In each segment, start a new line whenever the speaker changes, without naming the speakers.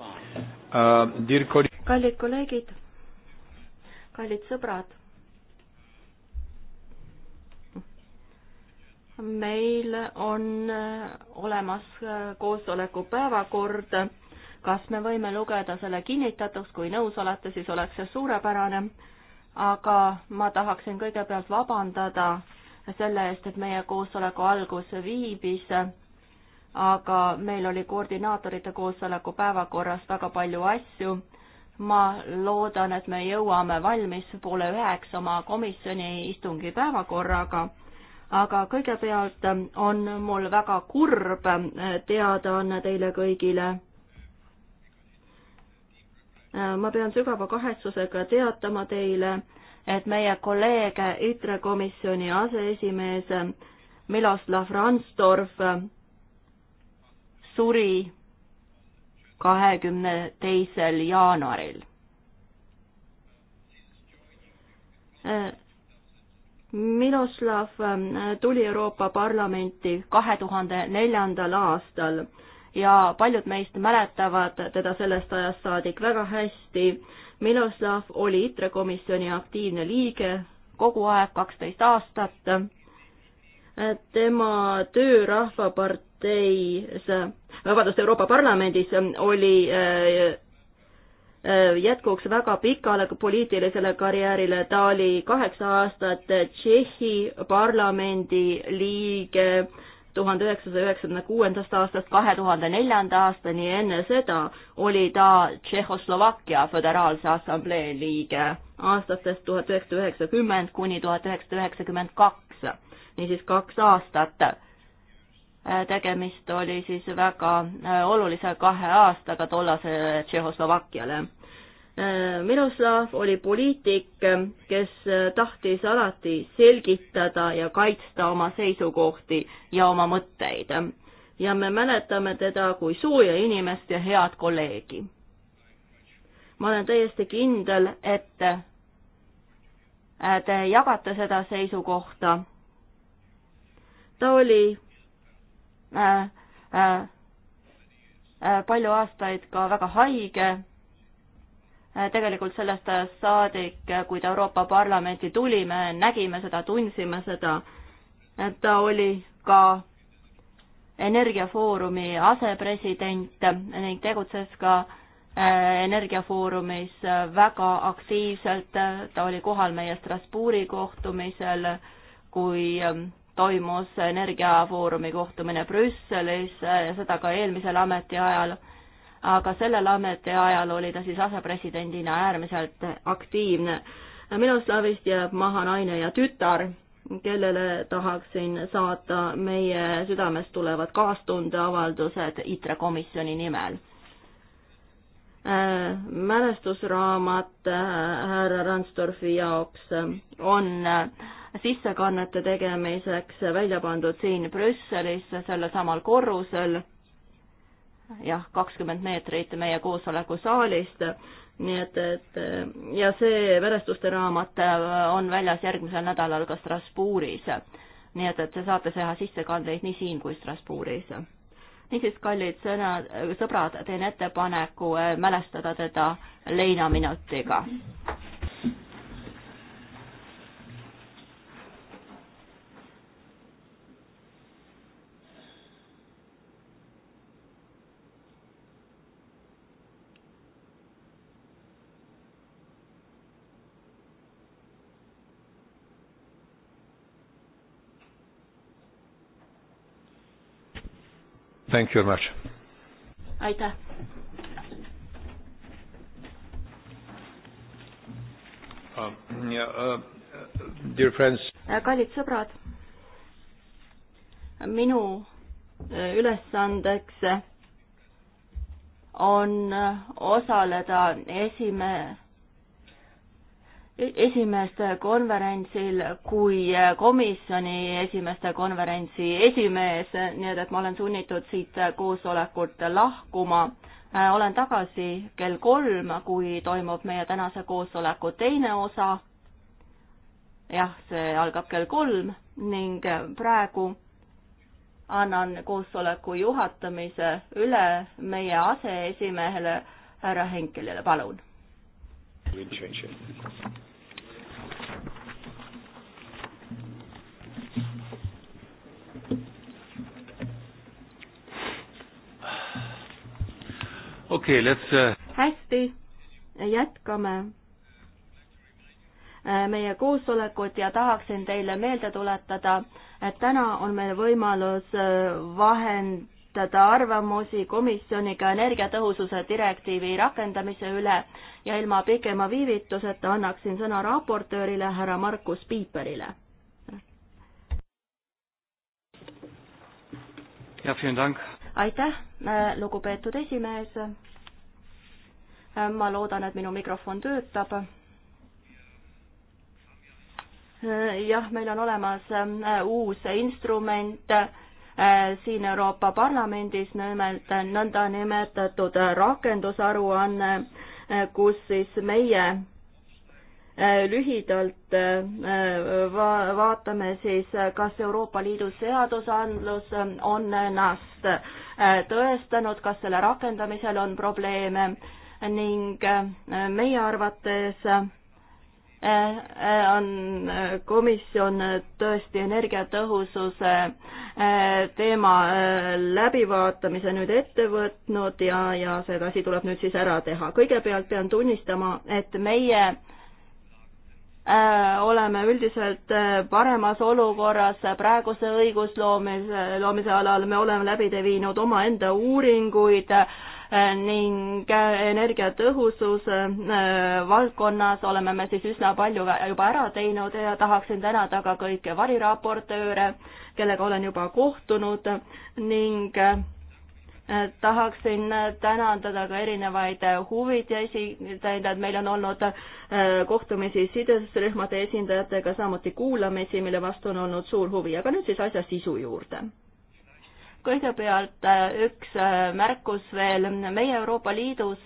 uh,. kallid kolleegid, kallid sõbrad.
meil on uh, olemas uh, koosoleku päevakord. kas me võime lugeda selle kinnitatuks, kui nõus olete, siis oleks see suurepärane. aga ma tahaksin kõigepealt vabandada selle eest, et meie koosoleku algus viibis aga meil oli koordinaatorite koosoleku päevakorras väga palju asju. ma loodan, et me jõuame valmis poole üheks oma komisjoni istungi päevakorraga, aga kõigepealt on mul väga kurb teadaanne teile kõigile ma pean sügava kahetsusega teatama teile, et meie kolleeg ITRE komisjoni aseesimees Miloslav Randstorf suri kahekümne teisel jaanuaril. Miroslav ähm, tuli Euroopa Parlamenti kahe tuhande neljandal aastal ja paljud meist mäletavad teda sellest ajast saadik väga hästi. Miroslav oli ITRE komisjoni aktiivne liige kogu aeg, kaksteist aastat. Äh, tema töö Rahvaparteis Äh, vabandust, Euroopa Parlamendis äh, oli äh, jätkuks väga pikale poliitilisele karjäärile, ta oli kaheksa aastat Tšehhi parlamendi liige tuhande üheksasaja üheksakümne kuuendast aastast kahe tuhande neljanda aastani, enne seda oli ta Tšehhoslovakkia Föderaalse Assamblee liige aastatest tuhat üheksasada üheksakümmend kuni tuhat üheksasada üheksakümmend kaks, niisiis kaks aastat Äh, tegemist oli siis väga äh, olulise kahe aastaga tollase Tšehhoslovakkiale. Äh, Miroslav oli poliitik, kes tahtis alati selgitada ja kaitsta oma seisukohti ja oma mõtteid. ja me mäletame teda kui sooja inimest ja head kolleegi. ma olen täiesti kindel, et te jagate seda seisukohta. ta oli Äh, äh, äh, palju aastaid ka väga haige. tegelikult sellest ajast saadik, kui ta Euroopa Parlamenti tuli, me nägime seda, tundsime seda. ta oli ka energiafoorumi asepresident ning tegutses ka energiafoorumis väga aktiivselt, ta oli kohal meie Strasbourgi kohtumisel, kui ähm, toimus Energiafoorumi kohtumine Brüsselis, seda ka eelmisel ametiajal, aga sellel ametiajal oli ta siis asepresidendina äärmiselt aktiivne. Miloslavist jääb maha naine ja tütar, kellele tahaksin saata meie südamest tulevad kaastundeavaldused ITRE komisjoni nimel mälestusraamat äh, härra Randstorfi jaoks äh, on äh, sissekannete tegemiseks välja pandud siin Brüsselis sellesamal korrusel, jah, kakskümmend meetrit meie koosolekusaalist, nii et, et ja see verestuste raamat on väljas järgmisel nädalal ka Strasbourgis. nii et, et te saate teha sissekandeid nii siin kui Strasbourgis. niisiis, kallid sõnad, sõbrad, teen ettepaneku äh, mälestada teda leinaminutiga. Thank you very much. aitäh.
Um, uh, uh,
äh, kallid sõbrad, minu äh, ülesandeks on äh, osaleda esime-, esimeeste konverentsil kui komisjoni esimeeste konverentsi esimees, nii et, et ma olen sunnitud siit koosolekult lahkuma. olen tagasi kell kolm, kui toimub meie tänase koosoleku teine osa. jah, see algab kell kolm ning praegu annan koosoleku juhatamise üle meie aseesimehele härra Henkelile, palun.
Thank you.
okei okay,, let's äh,
hästi, jätkame äh, meie koosolekut ja tahaksin teile meelde tuletada, et täna on meil võimalus äh, vahendada arvamusi komisjoniga energiatõhususe direktiivi rakendamise üle ja ilma pikema viivituseta annaksin sõna raportöörile härra Markus Piiperile. ja, vielen Dank aitäh, äh, lugupeetud esimees. Äh, ma loodan, et minu mikrofon töötab. Äh, jah, meil on olemas uus instrument siin Euroopa Parlamendis, nimelt nõndanimetatud rakendusaruanne, kus siis meie Äh, lühidalt äh, va-, vaatame siis, äh, kas Euroopa Liidu seadusandlus on ennast tõestanud, kas selle rakendamisel on probleeme ning meie arvates on komisjon tõesti energiatõhususe teema läbivaatamise nüüd ette võtnud ja, ja see asi tuleb nüüd siis ära teha. kõigepealt pean tunnistama, et meie äh, Äh, oleme üldiselt äh, paremas olukorras äh, praeguse õigusloomise, loomise alal, me oleme läbi viinud omaenda uuringuid ning energiatõhususe valdkonnas oleme me siis üsna palju juba ära teinud ja tahaksin tänada ka kõiki variraportööre, kellega olen juba kohtunud ning Äh, tahaksin äh, tänandada ka erinevaid äh, huviteisi, tähendab, meil on olnud kohtumisi sidusrühmade esindajatega, samuti kuulamisi, mille vastu on olnud suur huvi, aga nüüd siis asja sisu juurde. kõigepealt üks märkus veel, meie Euroopa Liidus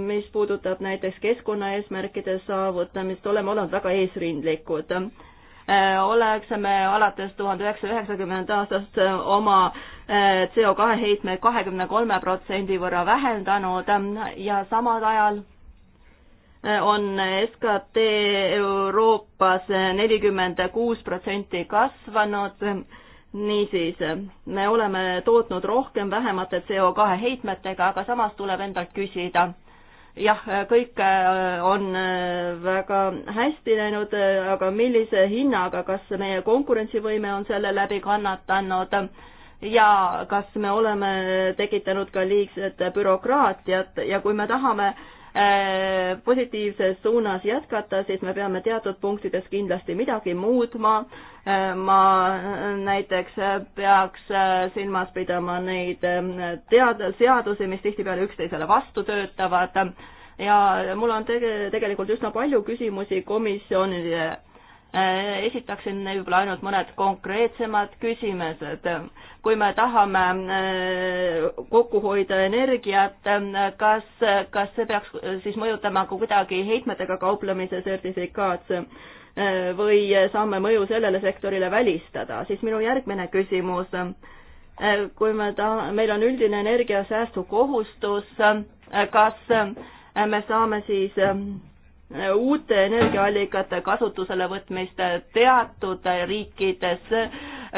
mis puudutab näiteks keskkonnaeesmärkide saavutamist, oleme olnud väga eesrindlikud Äh, oleksime alates tuhande üheksasaja üheksakümnenda aastast äh, oma äh, CO2 heitmeid kahekümne kolme protsendi võrra vähendanud ähm, ja samal ajal on SKT Euroopas nelikümmend kuus protsenti kasvanud. niisiis, me oleme tootnud rohkem vähemate CO2 heitmetega, aga samas tuleb endalt küsida jah, kõik äh, on äh, väga hästi läinud, äh, aga millise hinnaga, kas meie konkurentsivõime on selle läbi kannatanud ja kas me oleme tekitanud ka liigset bürokraatiat ja kui me tahame äh, Äh, positiivses suunas jätkata, siis me peame teatud punktides kindlasti midagi muutma. Äh, ma näiteks peaks äh, silmas pidama neid ähm, tead-, seadusi, mis tihtipeale üksteisele vastu töötavad ja mul on tege-, tegelikult üsna palju küsimusi komisjonile Äh, esitaksin võib-olla ainult mõned konkreetsemad küsimused. kui me tahame äh, kokku hoida energiat, äh, kas, kas see peaks siis mõjutama ka kuidagi heitmetega kauplemise sertifikaat või saame mõju sellele sektorile välistada, siis minu järgmine küsimus kui me ta-, meil on üldine energiasäästukohustus, kas me saame siis uute energiaallikate kasutusele võtmist teatud riikides,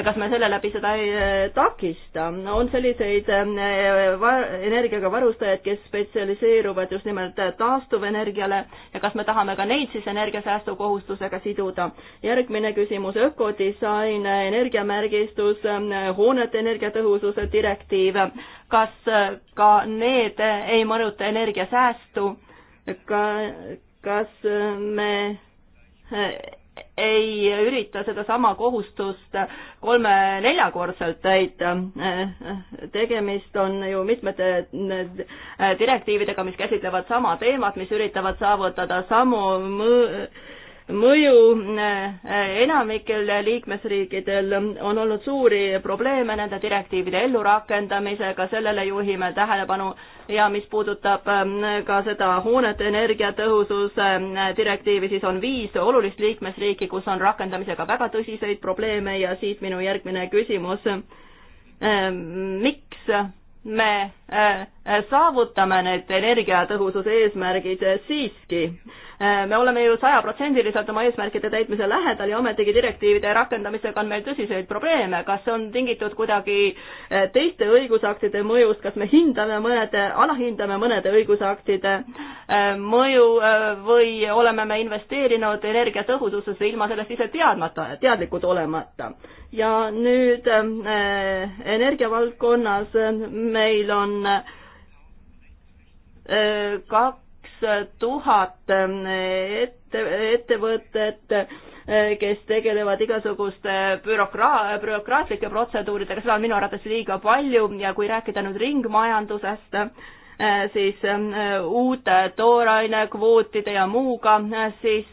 kas me selle läbi seda ei eh, takista? on selliseid eh, energiaga varustajaid, kes spetsialiseeruvad just nimelt taastuvenergiale ja kas me tahame ka neid siis energiasäästukohustusega siduda? järgmine küsimus, ökodisain, energiamärgistus, hoonete energiatõhususe direktiiv, kas ka need ei mõjuta energiasäästu? ka kas äh, me äh, ei ürita sedasama kohustust kolme-neljakordselt täita. Äh, tegemist on ju mitmete direktiividega, mis käsitlevad sama teemat, mis üritavad saavutada samu mõju. Äh, enamikel liikmesriikidel on olnud suuri probleeme nende direktiivide ellurakendamisega, sellele juhime tähelepanu ja mis puudutab ähm, ka seda hoonete energiatõhususe äh, direktiivi, siis on viis olulist liikmesriiki, kus on rakendamisega väga tõsiseid probleeme ja siit minu järgmine küsimus. Ähm, miks me äh, Eh, saavutame need energiatõhususe eesmärgid eh, siiski. Eh, me oleme ju sajaprotsendiliselt oma eesmärkide täitmise lähedal ja ometigi direktiivide rakendamisega on meil tõsiseid probleeme. kas see on tingitud kuidagi teiste õigusaktide mõjust, kas me hindame mõnede, alahindame mõnede õigusaktide mõju või oleme me investeerinud energiatõhususesse ilma sellest ise teadmata, teadlikud olemata? ja nüüd äh, energiavaldkonnas meil on äh, kaks tuhat ette, ettevõtet, kes tegelevad igasuguste bürokraa-, bürokraatlike protseduuridega, seda on minu arvates liiga palju ja kui rääkida nüüd ringmajandusest, siis uute toorainekvootide ja muuga, siis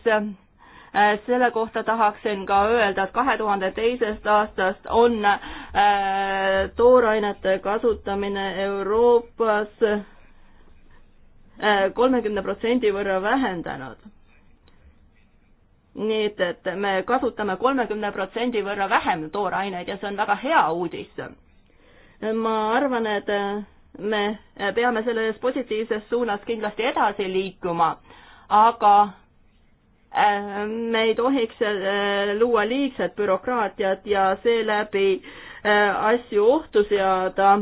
selle kohta tahaksin ka öelda, et kahe tuhande teisest aastast on toorainete kasutamine Euroopas kolmekümne protsendi võrra vähendanud. nii et, et me kasutame kolmekümne protsendi võrra vähem tooraineid ja see on väga hea uudis. ma arvan, et me peame selles positiivses suunas kindlasti edasi liikuma, aga äh, me ei tohiks äh, luua liigset bürokraatiat ja seeläbi äh, asju ohtu seada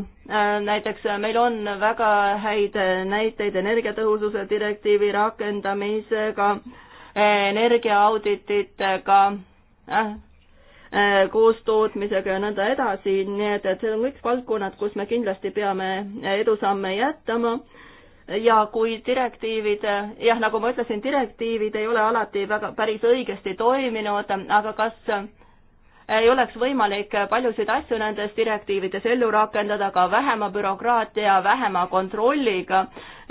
näiteks meil on väga häid näiteid energiatõhususe direktiivi rakendamisega, energiaaudititega, äh, koostootmisega ja nõnda edasi, nii et, et see on kõik valdkonnad, kus me kindlasti peame edusamme jätama ja kui direktiivid, jah, nagu ma ütlesin, direktiivid ei ole alati väga päris õigesti toiminud, aga kas ei oleks võimalik paljusid asju nendes direktiivides ellu rakendada ka vähema bürokraatia, vähema kontrolliga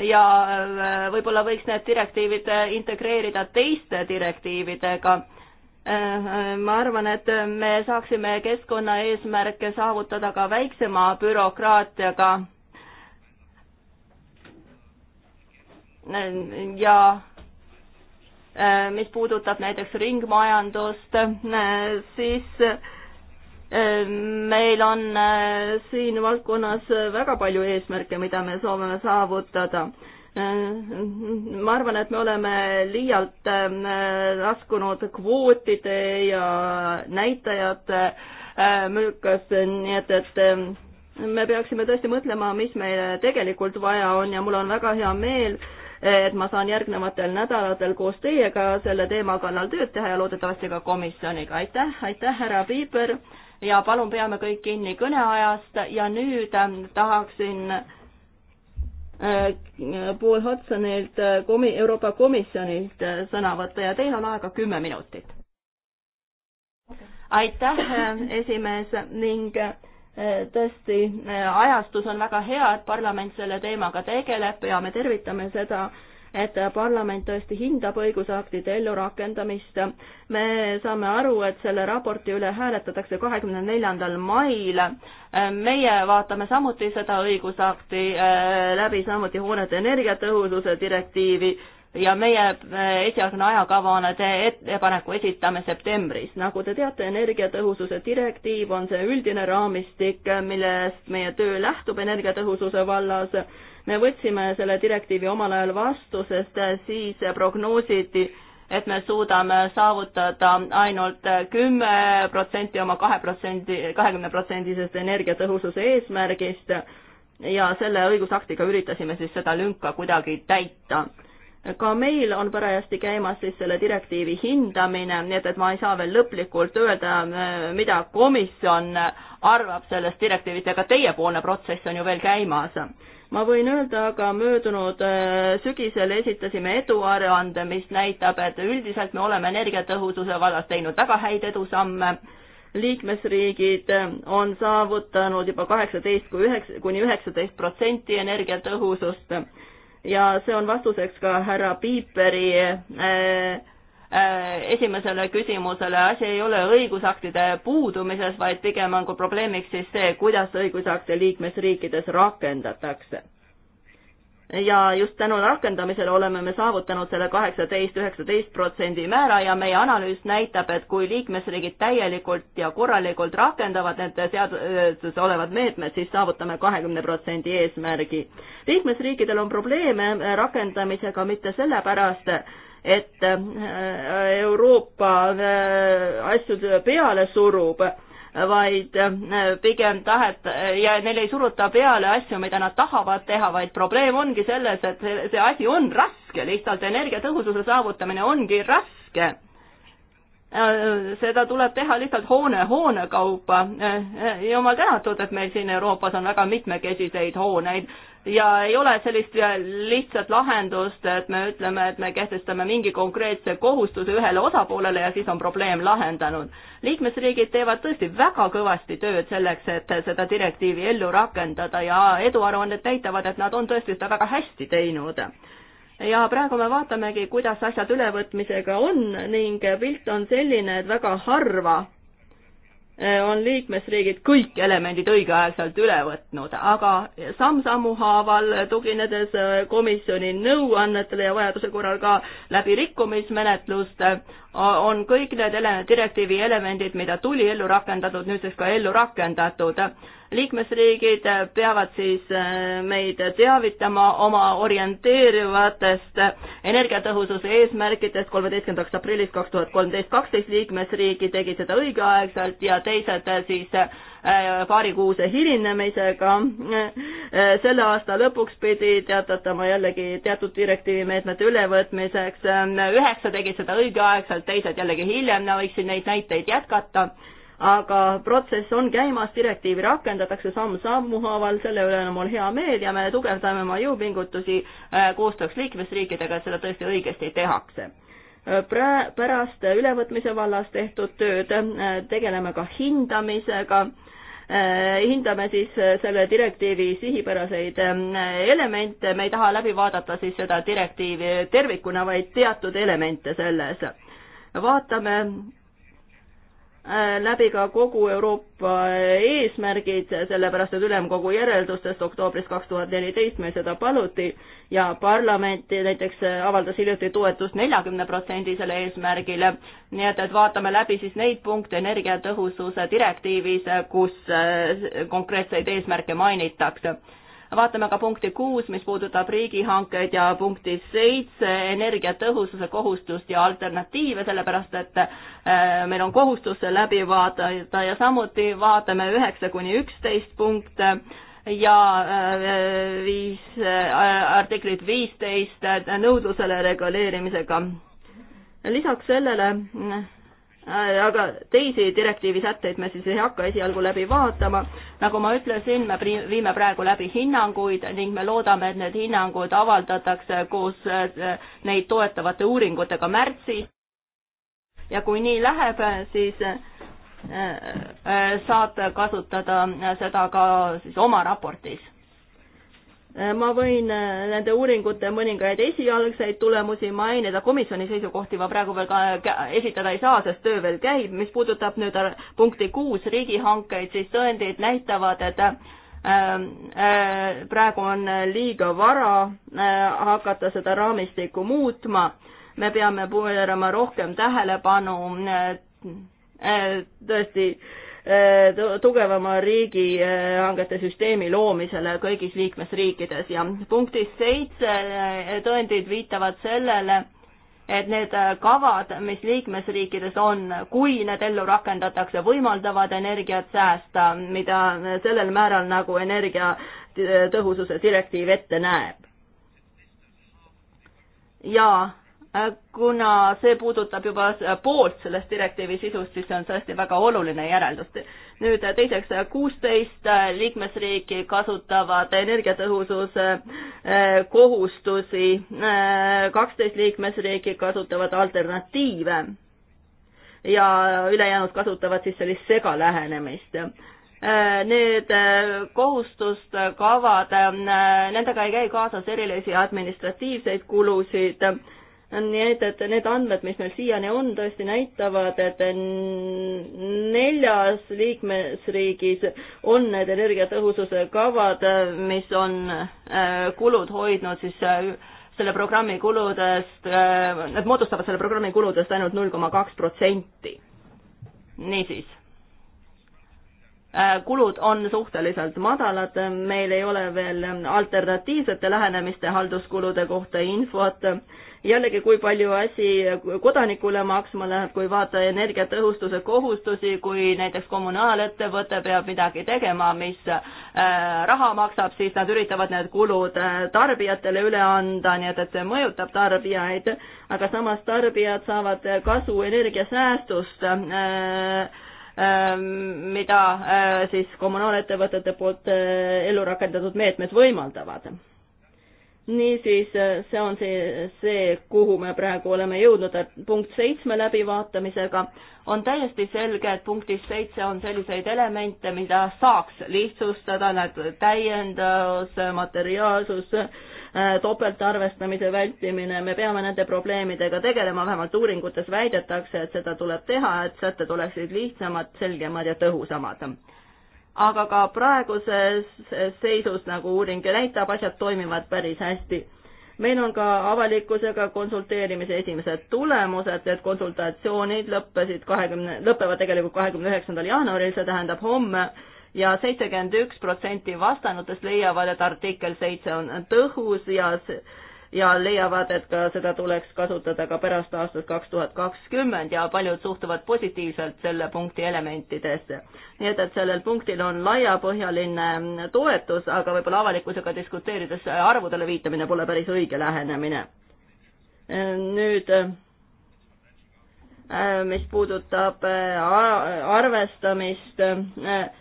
ja äh, võib-olla võiks need direktiivid integreerida teiste direktiividega äh, äh, ma arvan, et me saaksime keskkonnaeesmärke saavutada ka väiksema bürokraatiaga. ja Äh, mis puudutab näiteks ringmajandust, äh, siis äh, meil on siin valdkonnas väga palju eesmärke, mida me soovime saavutada. ma arvan, et me oleme liialt laskunud kvootide ja näitajate mülkasse, nii et, et me peaksime tõesti mõtlema, mis meile tegelikult vaja on ja mul on väga hea meel, et ma saan järgnevatel nädalatel koos teiega selle teema kallal tööd teha ja loodetavasti ka komisjoniga. aitäh, aitäh, härra Piiber ja palun peame kõik kinni kõneajast ja nüüd ähm, tahaksin äh, Paul Hudsonilt, äh, komi-, Euroopa Komisjonilt äh, sõna võtta ja teil on aega kümme minutit. aitäh, esimees ning tõesti, ajastus on väga hea, et parlament selle teemaga tegeleb ja me tervitame seda, et parlament tõesti hindab õigusaktide ellurakendamist. me saame aru, et selle raporti üle hääletatakse kahekümne neljandal mail. meie vaatame samuti seda õigusakti eh, läbi, samuti hoonete energiatõhususe direktiivi ja meie äh, esialgne ajakava on, et ettepaneku esitame septembris. nagu te teate, energiatõhususe direktiiv on see üldine raamistik, millest meie töö lähtub energiatõhususe vallas. me võtsime selle direktiivi omal ajal vastu, sest äh, siis prognoositi, et me suudame saavutada ainult äh, kümme protsenti oma kahe protsendi, kahekümne protsendisest energiatõhususe eesmärgist ja selle õigusaktiga üritasime siis seda lünka kuidagi täita ka meil on parajasti käimas siis selle direktiivi hindamine, nii et, et ma ei saa veel lõplikult öelda, äh, mida komisjon arvab sellest direktiivist, aga teiepoolne protsess on ju veel käimas. ma võin öelda, aga möödunud äh, sügisel esitasime eduaruande, mis näitab, et üldiselt me oleme energiatõhususe vallas teinud väga häid edusamme liikmesriigid äh, on saavutanud juba kaheksateist kui üheksa, kuni üheksateist protsenti energiatõhusust ja see on vastuseks ka härra Piiperi äh, äh, esimesele küsimusele, asi ei ole õigusaktide puudumises, vaid pigem on ka probleemiks siis see, kuidas õigusakte liikmesriikides rakendatakse ja just tänu rakendamisele oleme me saavutanud selle kaheksateist, üheksateist protsendi määra ja meie analüüs näitab, et kui liikmesriigid täielikult ja korralikult rakendavad need seaduses olevad meetmed, siis saavutame kahekümne protsendi eesmärgi. liikmesriikidel on probleeme rakendamisega mitte sellepärast, et äh, Euroopa äh, asju peale surub vaid äh, pigem tahet ja neil ei suruta peale asju, mida nad tahavad teha, vaid probleem ongi selles, et see, see asi on raske, lihtsalt energiatõhususe saavutamine ongi raske. Äh, seda tuleb teha lihtsalt hoone hoone kaupa. Äh, jumal tänatud, et meil siin Euroopas on väga mitmekesiseid hooneid ja ei ole sellist lihtsat lahendust, et me ütleme, et me kehtestame mingi konkreetse kohustuse ühele osapoolele ja siis on probleem lahendanud. liikmesriigid teevad tõesti väga kõvasti tööd selleks, et seda direktiivi ellu rakendada ja eduaruanded näitavad, et nad on tõesti seda väga hästi teinud ja praegu me vaatamegi, kuidas asjad ülevõtmisega on ning pilt on selline, et väga harva on liikmesriigid kõik elemendid õigeaegselt üle võtnud, aga samm-sammu haaval, tuginedes äh, komisjoni nõuannetele ja vajaduse korral ka läbi rikkumismenetluste, on kõik need ele-, direktiivi elemendid, mida tuli ellu rakendatud, nüüdseks ka ellu rakendatud. liikmesriigid peavad siis äh, meid teavitama oma orienteerivatest energiatõhususe eesmärkidest kolmeteistkümnendaks aprilliks kaks tuhat kolmteist, kaksteist liikmesriiki tegid seda õigeaegselt ja teised siis Äh, paarikuuse hilinemisega. Äh, selle aasta lõpuks pidi teatatama jällegi teatud direktiivi meetmete ülevõtmiseks. Äh, üheksa tegid seda õigeaegselt, teised jällegi hiljem, võiksin neid näiteid jätkata aga protsess on käimas, direktiivi rakendatakse samm-sammu haaval, selle üle on mul hea meel ja me tugevdame oma jõupingutusi koostööks liikmesriikidega, et seda tõesti õigesti tehakse pra-, pärast ülevõtmise vallas tehtud tööd tegeleme ka hindamisega Äh, hindame siis äh, selle direktiivi sihipäraseid ähm, elemente, me ei taha läbi vaadata siis seda direktiivi tervikuna, vaid teatud elemente selles. vaatame läbi ka kogu Euroopa eesmärgid, sellepärast et ülemkogu järeldustest oktoobris kaks tuhat neliteist meil seda paluti ja parlament näiteks avaldas hiljuti toetust neljakümne protsendisele eesmärgile, nii et, et vaatame läbi siis neid punkte energiatõhususe direktiivis, kus konkreetseid eesmärke mainitakse vaatame ka punkti kuus, mis puudutab riigihankeid ja punkti seitse energiatõhususe kohustust ja alternatiive, sellepärast et äh, meil on kohustus see läbi vaadata ja samuti vaatame üheksa kuni üksteist punkte ja äh, viis, äh, artiklit viisteist nõudlusele reguleerimisega. lisaks sellele Äh, aga teisi direktiivi sätteid me siis ei hakka esialgu läbi vaatama. nagu ma ütlesin, me viime praegu läbi hinnanguid ning me loodame, et need hinnangud avaldatakse koos äh, neid toetavate uuringutega märtsis. ja kui nii läheb, siis äh, saate kasutada seda ka siis oma raportis Äh, ma võin äh, nende uuringute mõningaid esialgseid tulemusi mainida, komisjoni seisukohti ma praegu veel ka äh, esitada ei saa, sest töö veel käib, mis puudutab nüüd punkti kuus riigihankeid, siis tõendid näitavad, et praegu on liiga vara hakata seda raamistikku muutma, me peame pöörama rohkem tähelepanu tõesti tugevama riigihangete süsteemi loomisele kõigis liikmesriikides ja punktis seitse eh, tõendid viitavad sellele, et need eh, kavad, mis liikmesriikides on, kui need ellu rakendatakse, võimaldavad energiat säästa, mida sellel määral, nagu energiatõhususe eh, direktiiv ette näeb. ja Äh, kuna see puudutab juba äh, poolt sellest direktiivi sisust, siis see on tõesti väga oluline järeldus. nüüd äh, teiseks, kuusteist liikmesriiki kasutavad energiatõhususe kohustusi, kaksteist liikmesriiki kasutavad alternatiive ja ülejäänud kasutavad siis sellist segalähenemist need kohustuste kavad, nendega ei käi kaasas erilisi administratiivseid kulusid nii et, et need andmed, mis meil siiani on, tõesti näitavad, et neljas liikmesriigis on need energiatõhususe kavad, mis on äh, kulud hoidnud siis äh, selle programmi kuludest, äh, need moodustavad selle programmi kuludest ainult null koma kaks protsenti. niisiis Äh, kulud on suhteliselt madalad, meil ei ole veel alternatiivsete lähenemiste halduskulude kohta infot. jällegi, kui palju asi kodanikule maksma läheb, kui vaata energiatõhustuse kohustusi, kui näiteks kommunaalettevõte peab midagi tegema, mis äh, raha maksab, siis nad üritavad need kulud äh, tarbijatele üle anda, nii et, et see mõjutab tarbijaid, aga samas tarbijad saavad kasu energiasäästust Ähm, mida äh, siis kommunaalettevõtete poolt äh, ellu rakendatud meetmed võimaldavad. niisiis, äh, see on see, see, kuhu me praegu oleme jõudnud, et punkt seitsme läbivaatamisega on täiesti selge, et punktis seitse on selliseid elemente, mida saaks lihtsustada, nagu täiendus, materiaalsus, Äh, topeltarvestamise vältimine, me peame nende probleemidega tegelema, vähemalt uuringutes väidetakse, et seda tuleb teha, et sätted oleksid lihtsamad, selgemad ja tõhusamad. aga ka praeguses seisus, nagu uuring näitab, asjad toimivad päris hästi meil on ka avalikkusega konsulteerimise esimesed tulemused, need konsultatsioonid lõppesid kahekümne, lõpevad tegelikult kahekümne üheksandal jaanuaril, see tähendab homme ja seitsekümmend üks protsenti vastanutest leiavad, et artikkel seitse on tõhus ja ja leiavad, et ka seda tuleks kasutada ka pärast aastat kaks tuhat kakskümmend ja paljud suhtuvad positiivselt selle punkti elementidesse. nii et, et sellel punktil on laiapõhjaline toetus, aga võib-olla avalikkusega diskuteerides arvudele viitamine pole päris õige lähenemine. nüüd Äh, mis puudutab äh, arvestamist äh,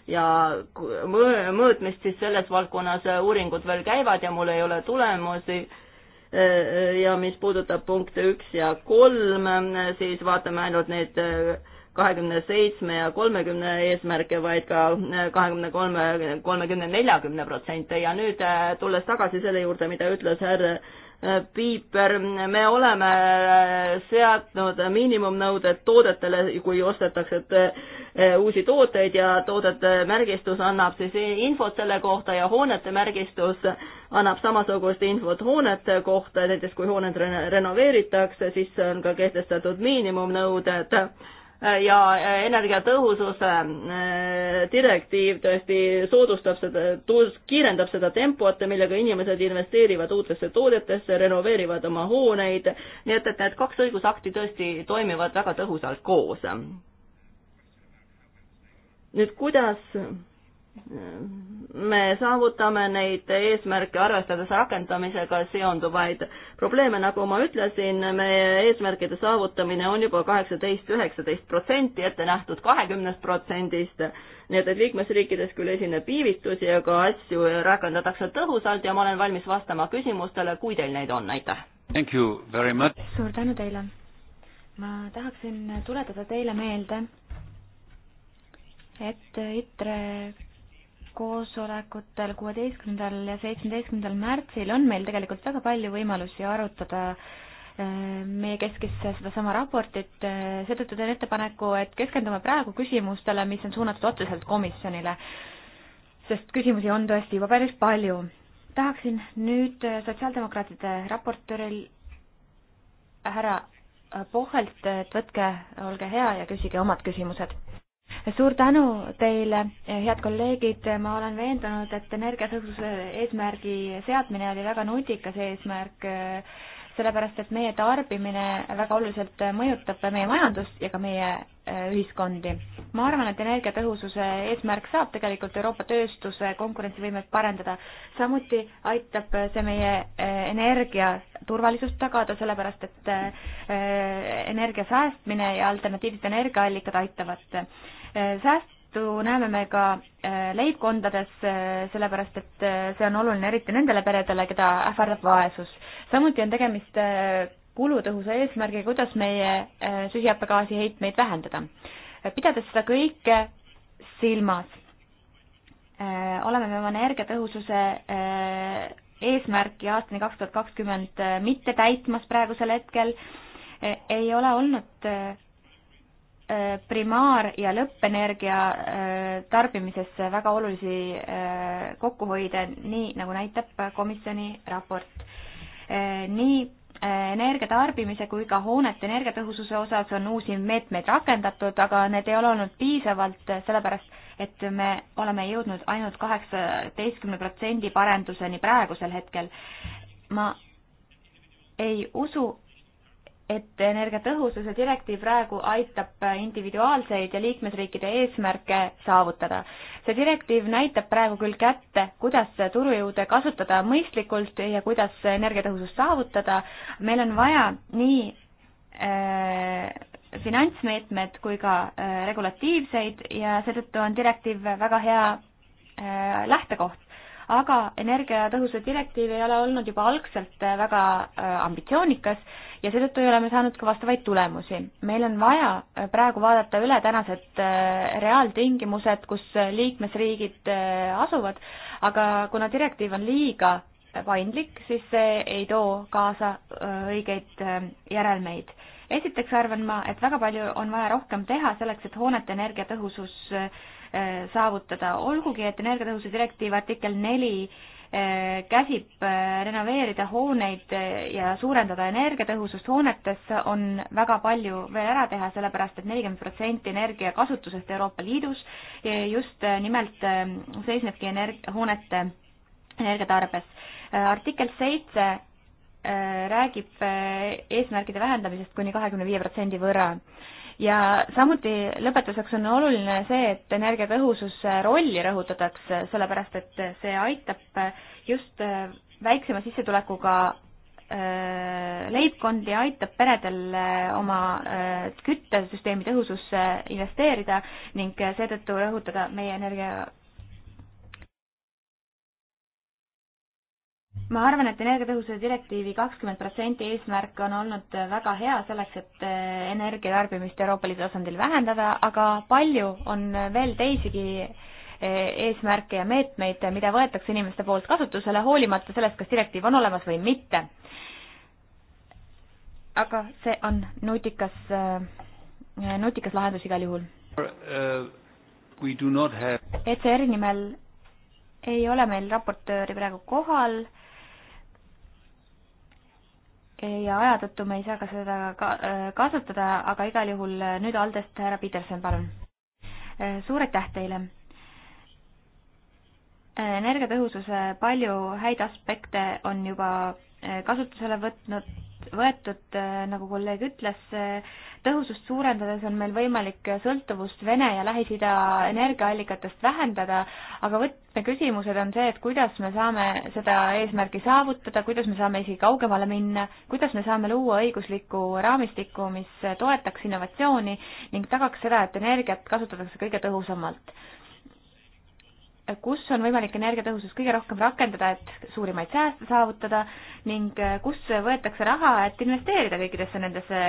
ja mõõtmist, siis selles valdkonnas uuringud veel käivad ja mul ei ole tulemusi. ja mis puudutab punkte üks ja kolm, siis vaatame ainult neid kahekümne seitsme ja kolmekümne eesmärke, vaid ka kahekümne kolme, kolmekümne, neljakümne protsente ja nüüd tulles tagasi selle juurde, mida ütles härra Piiper, me oleme seadnud miinimumnõuded toodetele, kui ostetakse eh, uusi tooteid ja toodete märgistus annab siis infot selle kohta ja hoonete märgistus annab samasugust infot hoonete kohta, näiteks kui hooned renoveeritakse, siis on ka kehtestatud miinimumnõuded Äh, ja äh, energiatõhususe äh, direktiiv tõesti soodustab seda, kiirendab seda tempot, millega inimesed investeerivad uutesse toodetesse, renoveerivad oma hooneid, nii et, et need kaks õigusakti tõesti toimivad väga tõhusalt koos. nüüd kuidas me saavutame neid eesmärke arvestades rakendamisega seonduvaid probleeme, nagu ma ütlesin, meie eesmärkide saavutamine on juba kaheksateist, üheksateist protsenti ette nähtud kahekümnest protsendist, nii et, et liikmesriikides küll esineb viivitusi, aga asju rakendatakse tõhusalt ja ma olen valmis vastama küsimustele, kui teil neid on, aitäh!
suur tänu teile! ma tahaksin tuletada teile meelde, et ITRE koosolekutel kuueteistkümnendal ja seitsmeteistkümnendal märtsil on meil tegelikult väga palju võimalusi arutada äh, meie keskesse sedasama raportit, äh, seetõttu teen ettepaneku, et keskendume praegu küsimustele, mis on suunatud otseselt komisjonile, sest küsimusi on tõesti juba päris palju. tahaksin nüüd äh, sotsiaaldemokraatide raportööril härra Pohhelt, et võtke, olge hea ja küsige omad küsimused suur tänu teile, head kolleegid, ma olen veendunud, et energiasõsuse eesmärgi seadmine oli väga nutikas eesmärk, sellepärast et meie tarbimine väga oluliselt mõjutab meie majandust ja ka meie äh, ühiskondi. ma arvan, et energiatõhususe eesmärk saab tegelikult Euroopa tööstuse konkurentsivõimet parendada, samuti aitab see meie äh, energiaturvalisust tagada, sellepärast et äh, energia säästmine ja alternatiivsed energiaallikad aitavad säästu näeme me ka äh, leibkondades, äh, sellepärast et äh, see on oluline eriti nendele peredele, keda ähvardab vaesus. samuti on tegemist kulutõhusa eesmärgiga, kuidas meie süsihappegaasi heitmeid vähendada. pidades seda kõike silmas, oleme me oma energiatõhususe eesmärki aastani kaks tuhat kakskümmend mitte täitmas praegusel hetkel, ei ole olnud Äh, primaar- ja lõppenergia äh, tarbimisesse väga olulisi äh, kokkuhoide, nii nagu näitab komisjoni raport. nii energia tarbimise kui ka hoonete energiatõhususe osas on uusi meetmeid rakendatud, aga need ei ole olnud piisavalt, sellepärast et me oleme jõudnud ainult kaheksateistkümne protsendi parenduseni praegusel hetkel. ma ei usu, et energiatõhususe direktiiv praegu aitab individuaalseid ja liikmesriikide eesmärke saavutada. see direktiiv näitab praegu küll kätte, kuidas turujõude kasutada mõistlikult ja kuidas energiatõhusust saavutada. meil on vaja nii äh, finantsmeetmed kui ka äh, regulatiivseid ja seetõttu on direktiiv väga hea äh, lähtekoht aga energiatõhususe direktiiv ei ole olnud juba algselt äh, väga äh, ambitsioonikas ja seetõttu ei ole me saanud ka vastavaid tulemusi. meil on vaja äh, praegu vaadata üle tänased reaaltingimused, kus liikmesriigid asuvad, aga kuna direktiiv on liiga paindlik, siis see ei too kaasa õigeid järelmeid. esiteks arvan ma, et väga palju on vaja rohkem teha selleks, et hoonete energiatõhusus Äh, saavutada, olgugi et energiatõhususe direktiivi artikkel neli äh, käsib äh, renoveerida hooneid ja suurendada energiatõhusust hoonetes, on väga palju veel ära teha, sellepärast et nelikümmend protsenti energiakasutusest Euroopa Liidus just nimelt seisnebki energ-, hoonete energiatarbes. artikkel seitse räägib eesmärkide vähendamisest kuni kahekümne viie protsendi võrra ja samuti lõpetuseks on oluline see, et energiatõhususe rolli rõhutatakse, sellepärast et see aitab just väiksema sissetulekuga äh, leibkondi, aitab peredel äh, oma äh, küttesüsteemi tõhususse investeerida ning seetõttu rõhutada meie energia ma arvan, et energiatõhususe direktiivi kakskümmend protsenti eesmärk on olnud väga hea selleks, et eh, energiatarbimist Euroopa Liidu tasandil vähendada, aga palju on veel teisigi eh, eesmärke ja meetmeid, mida võetakse inimeste poolt kasutusele, hoolimata sellest, kas direktiiv on olemas või mitte. aga see on nutikas, eh, nutikas lahendus igal juhul. Uh, ECR-i nimel ei ole meil raportööri praegu kohal ja aja tõttu me ei saa ka seda ka, kasutada, aga igal juhul äh, nüüd Aldest härra Peterson, palun. Äh, suur aitäh teile! Äh, energiatõhususe palju häid aspekte on juba kasutusele võtnud, võetud, nagu kolleeg ütles, tõhusust suurendades on meil võimalik sõltuvust Vene ja Lähis-Ida energiaallikatest vähendada, aga võtmeküsimused on see, et kuidas me saame seda eesmärki saavutada, kuidas me saame isegi kaugemale minna, kuidas me saame luua õiguslikku raamistikku, mis toetaks innovatsiooni ning tagaks seda, et energiat kasutatakse kõige tõhusamalt kus on võimalik energiatõhusust kõige rohkem rakendada, et suurimaid sääste saavutada ning kus võetakse raha, et investeerida kõikidesse nendesse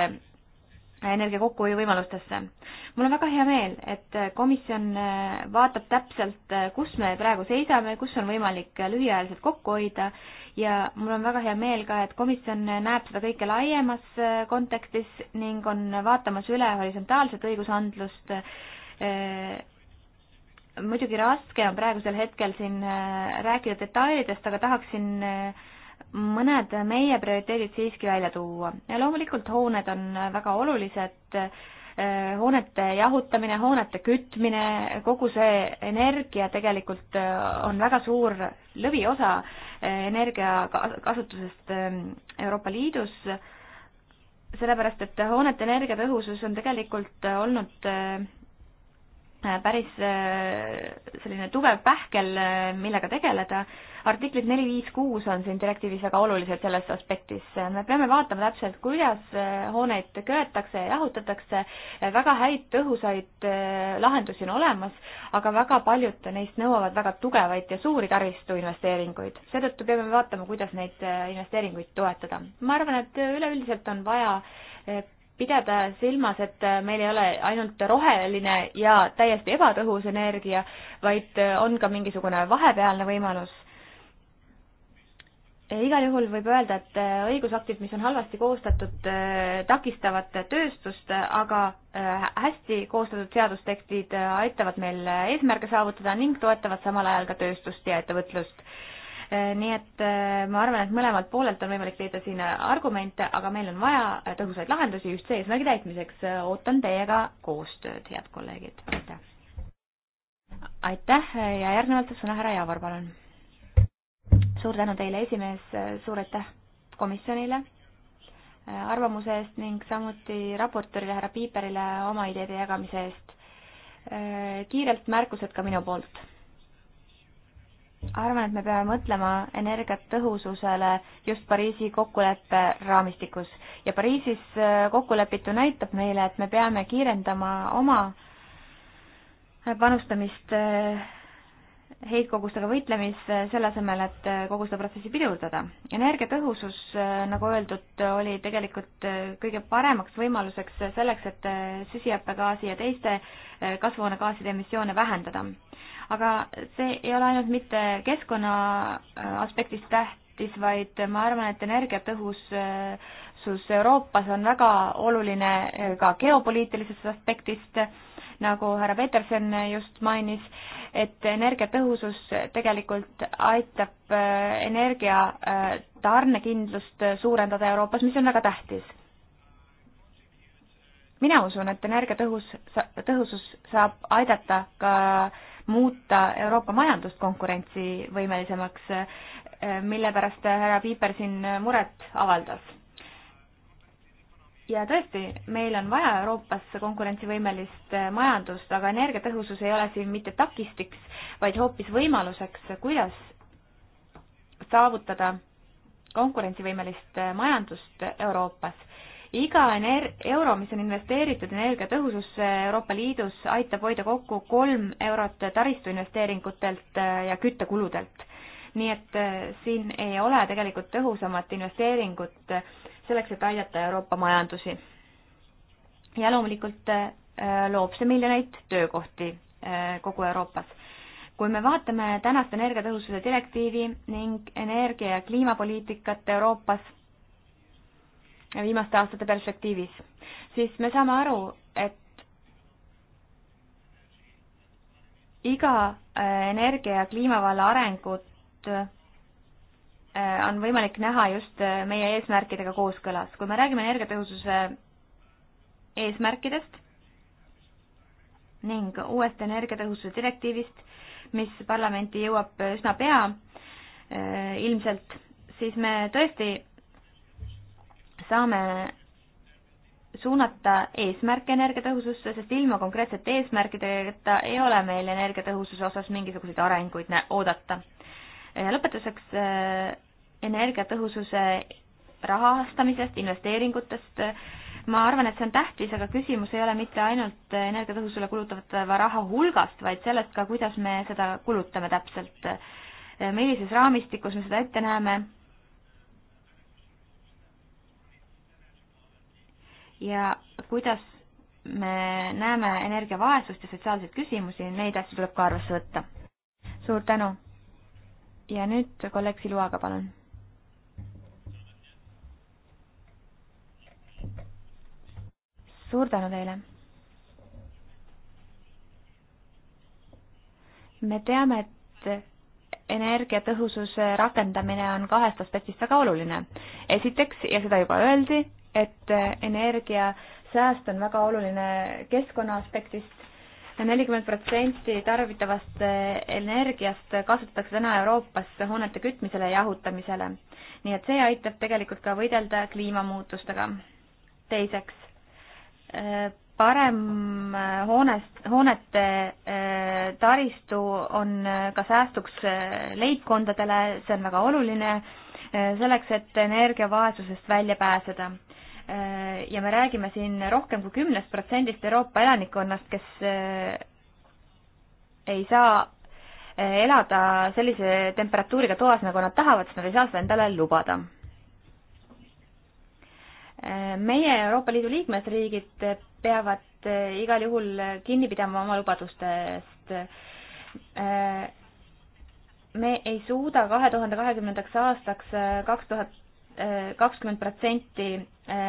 energia kokkuhoiu võimalustesse. mul on väga hea meel, et komisjon äh, vaatab täpselt, äh, kus me praegu seisame, kus on võimalik lühiajaliselt kokku hoida ja mul on väga hea meel ka, et komisjon näeb seda kõike laiemas äh, kontekstis ning on vaatamas üle horisontaalset õigusandlust. muidugi raske on praegusel hetkel siin rääkida detailidest, aga tahaksin mõned meie prioriteedid siiski välja tuua. loomulikult hooned on väga olulised, äh, hoonete jahutamine, hoonete kütmine, kogu see energia tegelikult äh, on väga suur lõviosa äh, energiakasutusest ähm, Euroopa Liidus, sellepärast et hoonete energiatõhusus on tegelikult olnud Äh, päris äh, selline tugev pähkel, äh, millega tegeleda. artiklid neli, viis, kuus on siin direktiivis väga olulised selles aspektis. me peame vaatama täpselt, kuidas hooneid köetakse ja jahutatakse. väga häid tõhusaid lahendusi on olemas, aga väga paljud neist nõuavad väga tugevaid ja suuri taristuinvesteeringuid. seetõttu peame vaatama, kuidas neid investeeringuid toetada. ma arvan, et üleüldiselt on vaja pidada silmas, et meil ei ole ainult roheline ja täiesti ebatõhus energia, vaid on ka mingisugune vahepealne võimalus. igal juhul võib öelda, et õigusaktid, mis on halvasti koostatud, takistavad tööstust, aga äh, hästi koostatud seadustekstid aitavad meil eesmärke saavutada ning toetavad samal ajal ka tööstust ja ettevõtlust Äh, nii et äh, ma arvan, et mõlemalt poolelt on võimalik leida siin äh, argumente, aga meil on vaja tõhusaid lahendusi ühtse eesmärgi täitmiseks. ootan teiega koostööd, head kolleegid, aitäh! aitäh ja järgnevalt sõna härra Javor, palun! suur tänu teile, esimees, suur aitäh komisjonile arvamuse eest ning samuti raportöörile härra Piiperile oma ideede jagamise eest. kiirelt märkused ka minu poolt arvan, et me peame mõtlema energiatõhususele just Pariisi kokkuleppe raamistikus ja Pariisis äh, kokkulepitu näitab meile, et me peame kiirendama oma panustamist äh, heitkogustega võitlemisse, selle asemel, et äh, kogu seda protsessi pidurdada. energiatõhusus, nagu öeldud, oli tegelikult kõige paremaks võimaluseks selleks, et süsihappegaasi ja teiste kasvuhoonegaaside emissioone vähendada aga see ei ole ainult mitte keskkonna äh, aspektist tähtis, vaid ma arvan, et energiatõhusus Euroopas on väga oluline äh, ka geopoliitilisest aspektist, nagu härra Peterson just mainis, et energiatõhusus tegelikult aitab äh, energia tarnekindlust suurendada Euroopas, mis on väga tähtis mina usun, et energiatõhus, tõhusus saab aidata ka muuta Euroopa majandust konkurentsivõimelisemaks, eh, mille pärast härra Piiper siin muret avaldas ja tõesti, meil on vaja Euroopas konkurentsivõimelist eh, majandust, aga energiatõhusus ei ole siin mitte takistiks, vaid hoopis võimaluseks, kuidas saavutada konkurentsivõimelist eh, majandust Euroopas iga ener-, euro, mis on investeeritud energiatõhususse Euroopa Liidus, aitab hoida kokku kolm eurot taristuinvesteeringutelt äh, ja küttekuludelt. nii et äh, siin ei ole tegelikult tõhusamat investeeringut äh, selleks, et aidata Euroopa majandusi. ja loomulikult loob see miljoneid töökohti kogu Euroopas. kui me vaatame tänast energiatõhususe direktiivi ning energia- ja kliimapoliitikat Euroopas viimaste aastate perspektiivis, siis me saame aru, et iga äh, energia ja kliimavalla arengut äh, on võimalik näha just äh, meie eesmärkidega kooskõlas. kui me räägime energiatõhususe eesmärkidest ning uuest energiatõhususe direktiivist, mis parlamenti jõuab üsna pea ilmselt, siis me tõesti saame suunata eesmärke energiatõhususse, sest ilma konkreetsete eesmärkideta ei ole meil energiatõhususe osas mingisuguseid arenguid oodata. lõpetuseks äh, energiatõhususe rahastamisest, investeeringutest. ma arvan, et see on tähtis, aga küsimus ei ole mitte ainult energiatõhususele kulutatava raha hulgast, vaid sellest ka, kuidas me seda kulutame täpselt. millises raamistikus me seda ette näeme ja kuidas me näeme energiavaesust ja sotsiaalseid küsimusi, neid asju tuleb ka arvesse võtta. suur tänu. ja nüüd kolleeg Siluaga, palun. suur tänu teile. me teame, et energiatõhususe rakendamine on kahest aspektist väga oluline. esiteks, ja seda juba öeldi, et äh, energiasääst on väga oluline keskkonna aspektist nelikümmend protsenti tarbitavast äh, energiast kasutatakse täna Euroopas hoonete kütmisele ja jahutamisele. nii et see aitab tegelikult ka võidelda kliimamuutustega. teiseks, äh, parem hoonest, hoonete taristu on ka säästuks leibkondadele, see on väga oluline, selleks, et energiavaesusest välja pääseda Äh, ja me räägime siin rohkem kui kümnest protsendist Euroopa elanikkonnast, kes äh, ei saa äh, elada sellise temperatuuriga toas, nagu nad tahavad, sest nad ei saa seda endale lubada. meie Euroopa Liidu liikmesriigid peavad igal juhul kinni pidama oma lubadustest. me ei suuda kahe tuhande kahekümnendaks aastaks kaks tuhat kakskümmend protsenti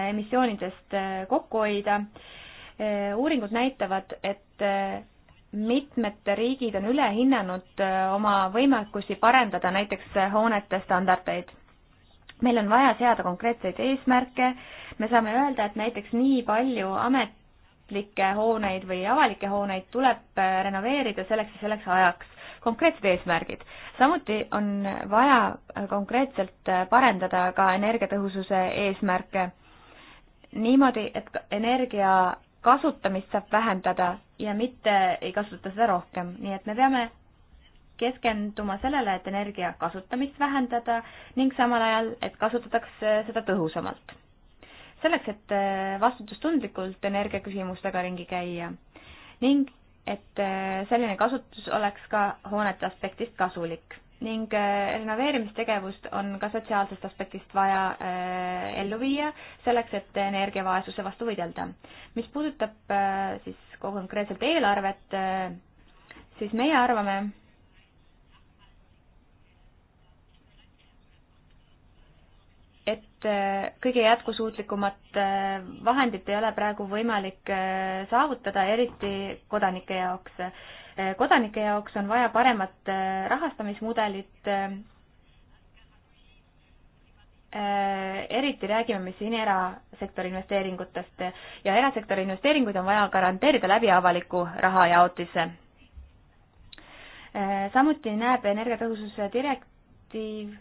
emissioonidest äh, kokku hoida. Äh, uuringud näitavad, et äh, mitmed riigid on üle hinnanud oma võimekusi parendada näiteks hoonete standardeid meil on vaja seada konkreetseid eesmärke, me saame öelda, et näiteks nii palju ametlikke hooneid või avalikke hooneid tuleb renoveerida selleks ja selleks ajaks, konkreetsed eesmärgid. samuti on vaja konkreetselt parendada ka energiatõhususe eesmärke niimoodi, et energia kasutamist saab vähendada ja mitte ei kasuta seda rohkem, nii et me peame keskenduma sellele, et energia kasutamist vähendada ning samal ajal, et kasutatakse seda tõhusamalt. selleks, et äh, vastutustundlikult energiaküsimustega ringi käia ning et äh, selline kasutus oleks ka hoonete aspektist kasulik ning äh, renoveerimistegevust on ka sotsiaalsest aspektist vaja äh, ellu viia, selleks et energiavaesuse vastu võidelda. mis puudutab äh, siis konkreetselt eelarvet, siis meie arvame, et kõige jätkusuutlikumat vahendit ei ole praegu võimalik saavutada, eriti kodanike jaoks. Eh, kodanike jaoks on vaja paremat eh, rahastamismudelit. Eh, eriti räägime me siin erasektori investeeringutest ja erasektori investeeringuid on vaja garanteerida läbi avaliku rahajaotise. samuti näeb energiatõhususe direktiiv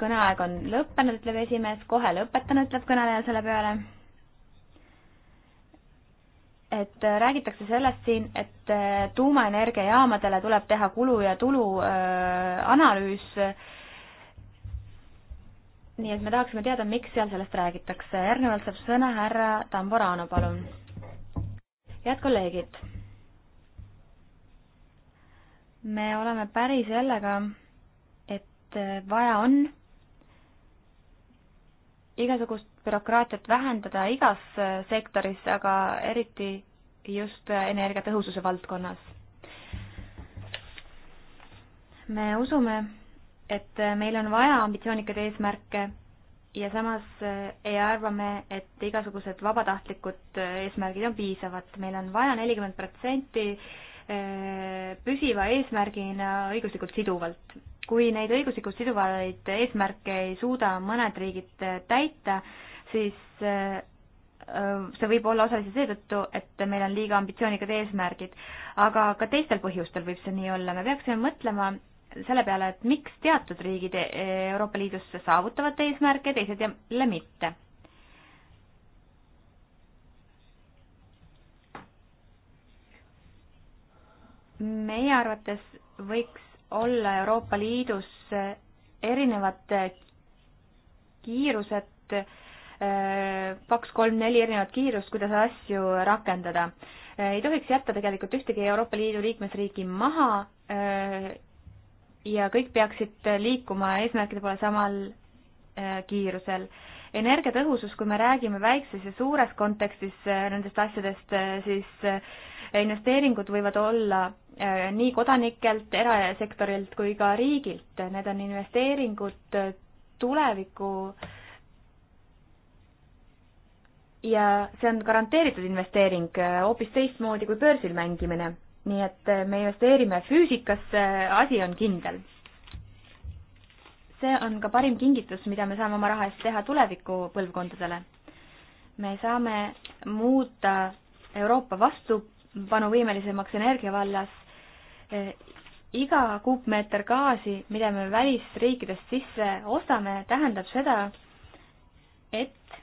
kõneaeg on lõppenud, ütleb esimees, kohe lõpetan, ütleb kõneleja selle peale et äh, räägitakse sellest siin, et äh, tuumaenergiajaamadele tuleb teha kulu ja tulu äh, analüüs. nii et me tahaksime teada, miks seal sellest räägitakse. järgnevalt saab sõna härra Tamborano, palun. head kolleegid. me oleme päri sellega, et vaja on igasugust bürokraatiat vähendada igas äh, sektoris, aga eriti just äh, energiatõhususe valdkonnas. me usume, et äh, meil on vaja ambitsioonikaid eesmärke ja samas ei arva me, et igasugused vabatahtlikud eesmärgid on piisavad, meil on vaja nelikümmend protsenti Eh, püsiva eesmärgina õiguslikult siduvalt. kui neid õiguslikult siduvaid eesmärke ei suuda mõned riigid eh, täita, siis eh, see võib olla osaliselt seetõttu, et meil on liiga ambitsioonikad eesmärgid. aga ka teistel põhjustel võib see nii olla, me peaksime mõtlema selle peale, et miks teatud riigid Euroopa Liidus saavutavad eesmärke, teised jälle mitte meie arvates võiks olla Euroopa Liidus eh, erinevad eh, kiirused, eh, kaks, kolm, neli erinevat kiirust, kuidas asju rakendada. ei tohiks jätta tegelikult ühtegi Euroopa Liidu liikmesriigi maha ja kõik peaksid liikuma eesmärkide poole samal kiirusel. energiatõhusus, kui me räägime väikses ja suures kontekstis nendest asjadest, siis investeeringud võivad olla äh, nii kodanikelt, erasektorilt kui ka riigilt, need on investeeringud äh, tuleviku ja see on garanteeritud investeering, äh, hoopis teistmoodi kui börsil mängimine. nii et me investeerime füüsikasse, asi on kindel. see on ka parim kingitus, mida me saame oma raha eest teha tuleviku põlvkondadele. me saame muuta Euroopa vastu panuvõimelisemaks energia vallas. iga kuupmeeter gaasi, mida me välisriikidest sisse ostame, tähendab seda, et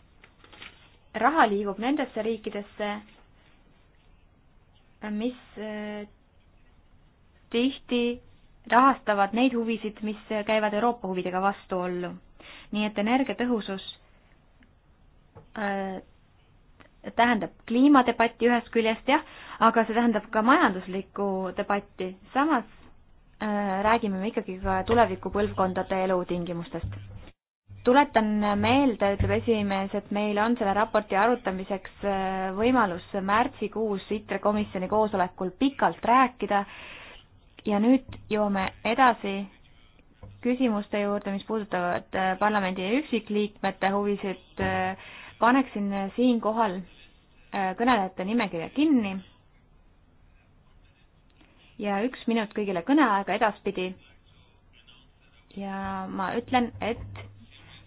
raha liigub nendesse riikidesse, mis eh, tihti rahastavad neid huvisid, mis käivad Euroopa huvidega vastuollu. nii et energiatõhusus eh, tähendab kliimadebatti ühest küljest jah, aga see tähendab ka majanduslikku debatti, samas äh, räägime me ikkagi ka tulevikupõlvkondade elutingimustest. tuletan meelde, ütleb esimees, et meil on selle raporti arutamiseks äh, võimalus märtsikuus ITRE komisjoni koosolekul pikalt rääkida ja nüüd jõuame edasi küsimuste juurde, mis puudutavad äh, parlamendi üksikliikmete huvisid äh, paneksin äh, siinkohal äh, kõnelejate nimekirja kinni ja üks minut kõigile kõneaega edaspidi. ja ma ütlen, et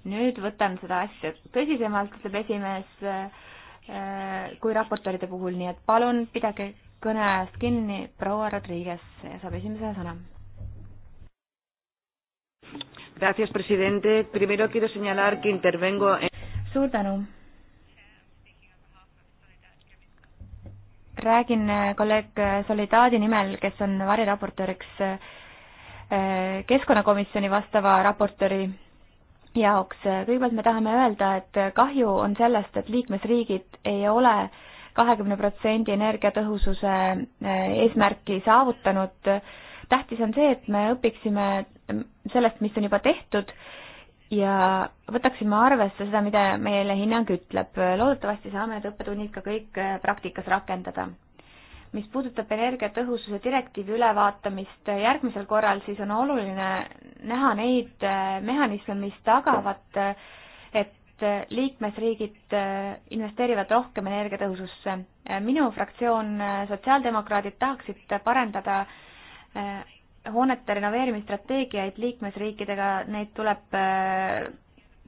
nüüd võtan seda asja tõsisemalt, ütleb esimees, äh, kui raportööride puhul, nii et palun pidage kõne ajast kinni, proua Rodriguez
saab esimesena sõna. Gracias, presidente. Primero quiero señalar que intervengo en...
Suur tänu räägin äh, kolleeg äh, Solidaadi nimel, kes on variraportööriks äh, keskkonnakomisjoni vastava raportööri jaoks. kõigepealt me tahame öelda, et kahju on sellest, et liikmesriigid ei ole kahekümne protsendi energiatõhususe eesmärki saavutanud. tähtis on see, et me õpiksime sellest, mis on juba tehtud ja võtaksime arvesse seda, mida meile hinnang ütleb. loodetavasti saame need õppetunnid ka kõik äh, praktikas rakendada. mis puudutab energiatõhususe direktiivi ülevaatamist äh, järgmisel korral, siis on oluline näha neid äh, mehhanisme, mis tagavad, et liikmesriigid investeerivad rohkem energiatõhususse. minu fraktsioon, sotsiaaldemokraadid, tahaksid parendada hoonete renoveerimisstrateegiaid liikmesriikidega, neid tuleb äh,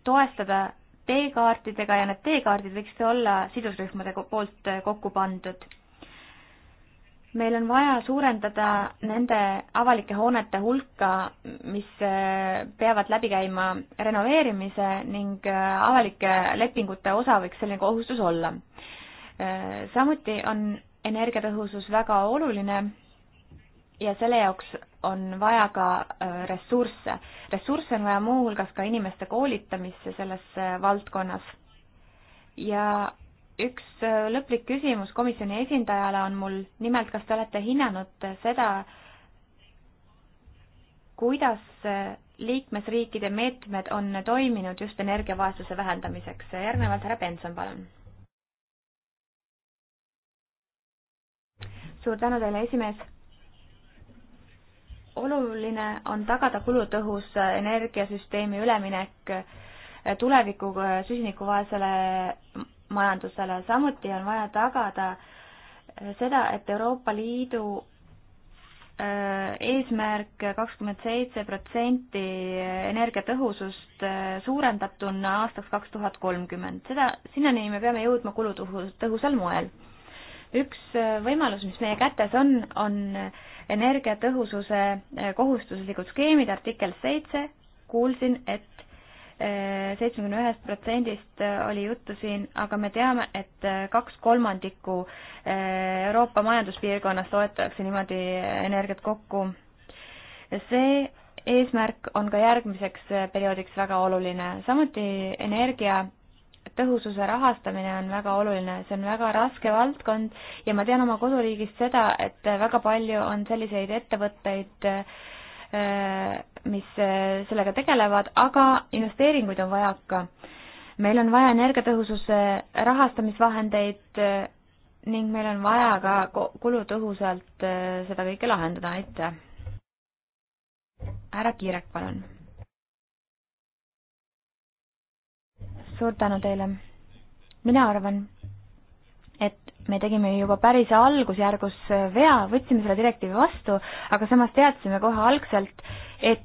toestada teekaartidega ja need teekaardid võiks olla sidusrühmade poolt äh, kokku pandud. meil on vaja suurendada nende avalike hoonete hulka, mis äh, peavad läbi käima renoveerimise ning avalike lepingute osa võiks selline kohustus olla. samuti on energiatõhusus väga oluline ja selle jaoks on vaja ka äh, ressursse. ressursse on vaja muuhulgas ka inimeste koolitamisse selles äh, valdkonnas. ja üks äh, lõplik küsimus komisjoni esindajale on mul nimelt, kas te olete hinnanud seda, kuidas liikmesriikide meetmed on toiminud just energiavaesuse vähendamiseks. järgnevalt härra Benson, palun. suur tänu teile, esimees oluline on tagada kulutõhus energiasüsteemi üleminek tuleviku süsinikuvaesele majandusele. samuti on vaja tagada seda, et Euroopa Liidu äh, eesmärk kakskümmend seitse protsenti energiatõhusust äh, suurendatuna aastaks kaks tuhat kolmkümmend. seda, sinnani me peame jõudma kulutõhusal moel. üks äh, võimalus, mis meie kätes on, on energiatõhususe eh, kohustuslikud skeemid, artikkel seitse, kuulsin, et eh, seitsmekümne ühest protsendist eh, oli juttu siin, aga me teame, et kaks kolmandikku Euroopa majanduspiirkonnast loetakse niimoodi energiat kokku. see eesmärk on ka järgmiseks perioodiks väga oluline, samuti energia tõhususe rahastamine on väga oluline, see on väga raske valdkond ja ma tean oma koduriigist seda, et väga palju on selliseid ettevõtteid, äh, mis äh, sellega tegelevad, aga investeeringuid on vaja ka. meil on vaja energiatõhususe rahastamisvahendeid äh, ning meil on vaja ka kulutõhusalt seda kõike lahendada, aitäh! härra Kiirek, palun suur tänu teile. mina arvan, et me tegime juba päris algusjärgus vea, võtsime selle direktiivi vastu, aga samas teadsime kohe algselt, et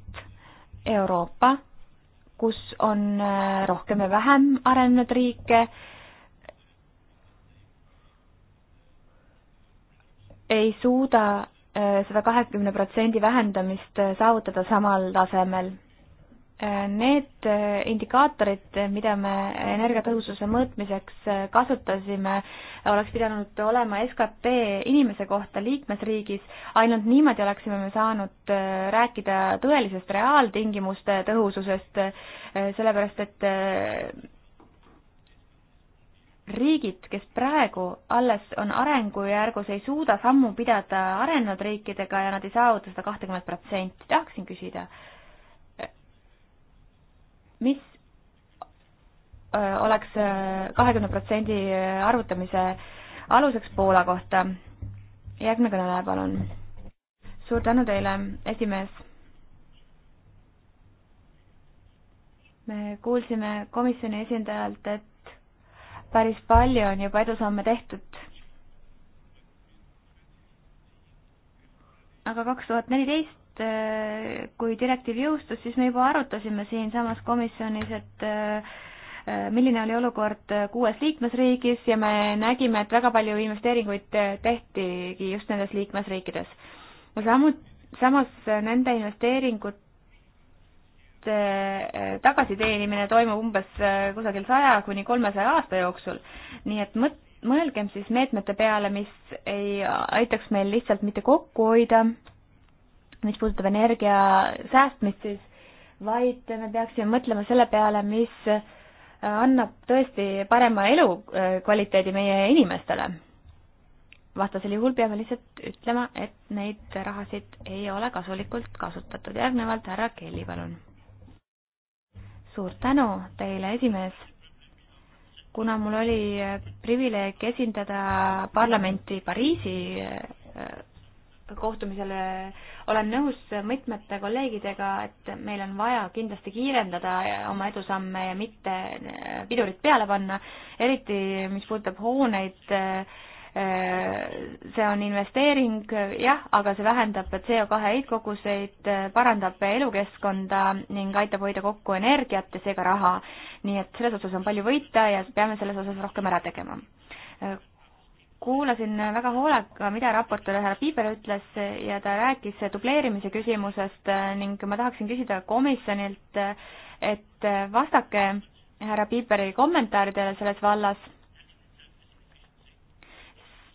Euroopa, kus on äh, rohkem ja vähem arenenud riike, ei suuda äh, seda kahekümne protsendi vähendamist äh, saavutada samal tasemel Need indikaatorid, mida me energiatõhususe mõõtmiseks kasutasime, oleks pidanud olema SKT inimese kohta liikmesriigis, ainult niimoodi oleksime me saanud rääkida tõelisest reaaltingimuste tõhususest, sellepärast et riigid, kes praegu alles on arengujärgus, ei suuda sammu pidada arenenud riikidega ja nad ei saavuta seda kahtekümmet protsenti. tahaksin küsida mis oleks kahekümne protsendi arvutamise aluseks Poola kohta. järgmine kõneleja, palun. suur tänu teile, esimees. me kuulsime komisjoni esindajalt, et päris palju on juba edusamme tehtud. aga kaks tuhat neliteist et eh, kui direktiiv jõustus, siis me juba arutasime siinsamas komisjonis, et eh, eh, milline oli olukord kuues liikmesriigis ja me nägime, et väga palju investeeringuid tehtigi just nendes liikmesriikides. samuti, samas nende investeeringute tagasiteenimine toimub umbes kusagil saja kuni kolmesaja aasta jooksul, nii et mõt-, mõelgem siis meetmete peale, mis ei aitaks meil lihtsalt mitte kokku hoida, mis puudutab energia säästmist, siis vaid me peaksime mõtlema selle peale, mis äh, annab tõesti parema elukvaliteedi meie inimestele. vastasel juhul peame lihtsalt ütlema, et neid rahasid ei ole kasulikult kasutatud. järgnevalt härra Kelly, palun. suur tänu teile, esimees. kuna mul oli äh, privileeg esindada parlamenti Pariisi äh, kohtumisele olen nõus mitmete kolleegidega, et meil on vaja kindlasti kiirendada oma edusamme ja mitte äh, pidurit peale panna, eriti mis puudutab hooneid, äh, see on investeering, jah, aga see vähendab CO2 heitkoguseid, parandab elukeskkonda ning aitab hoida kokku energiat ja seega raha. nii et selles osas on palju võita ja peame selles osas rohkem ära tegema kuulasin väga hoolega, mida raportöör härra Piiber ütles ja ta rääkis dubleerimise küsimusest ning ma tahaksin küsida komisjonilt, et vastake härra Piiberi kommentaaridele selles vallas.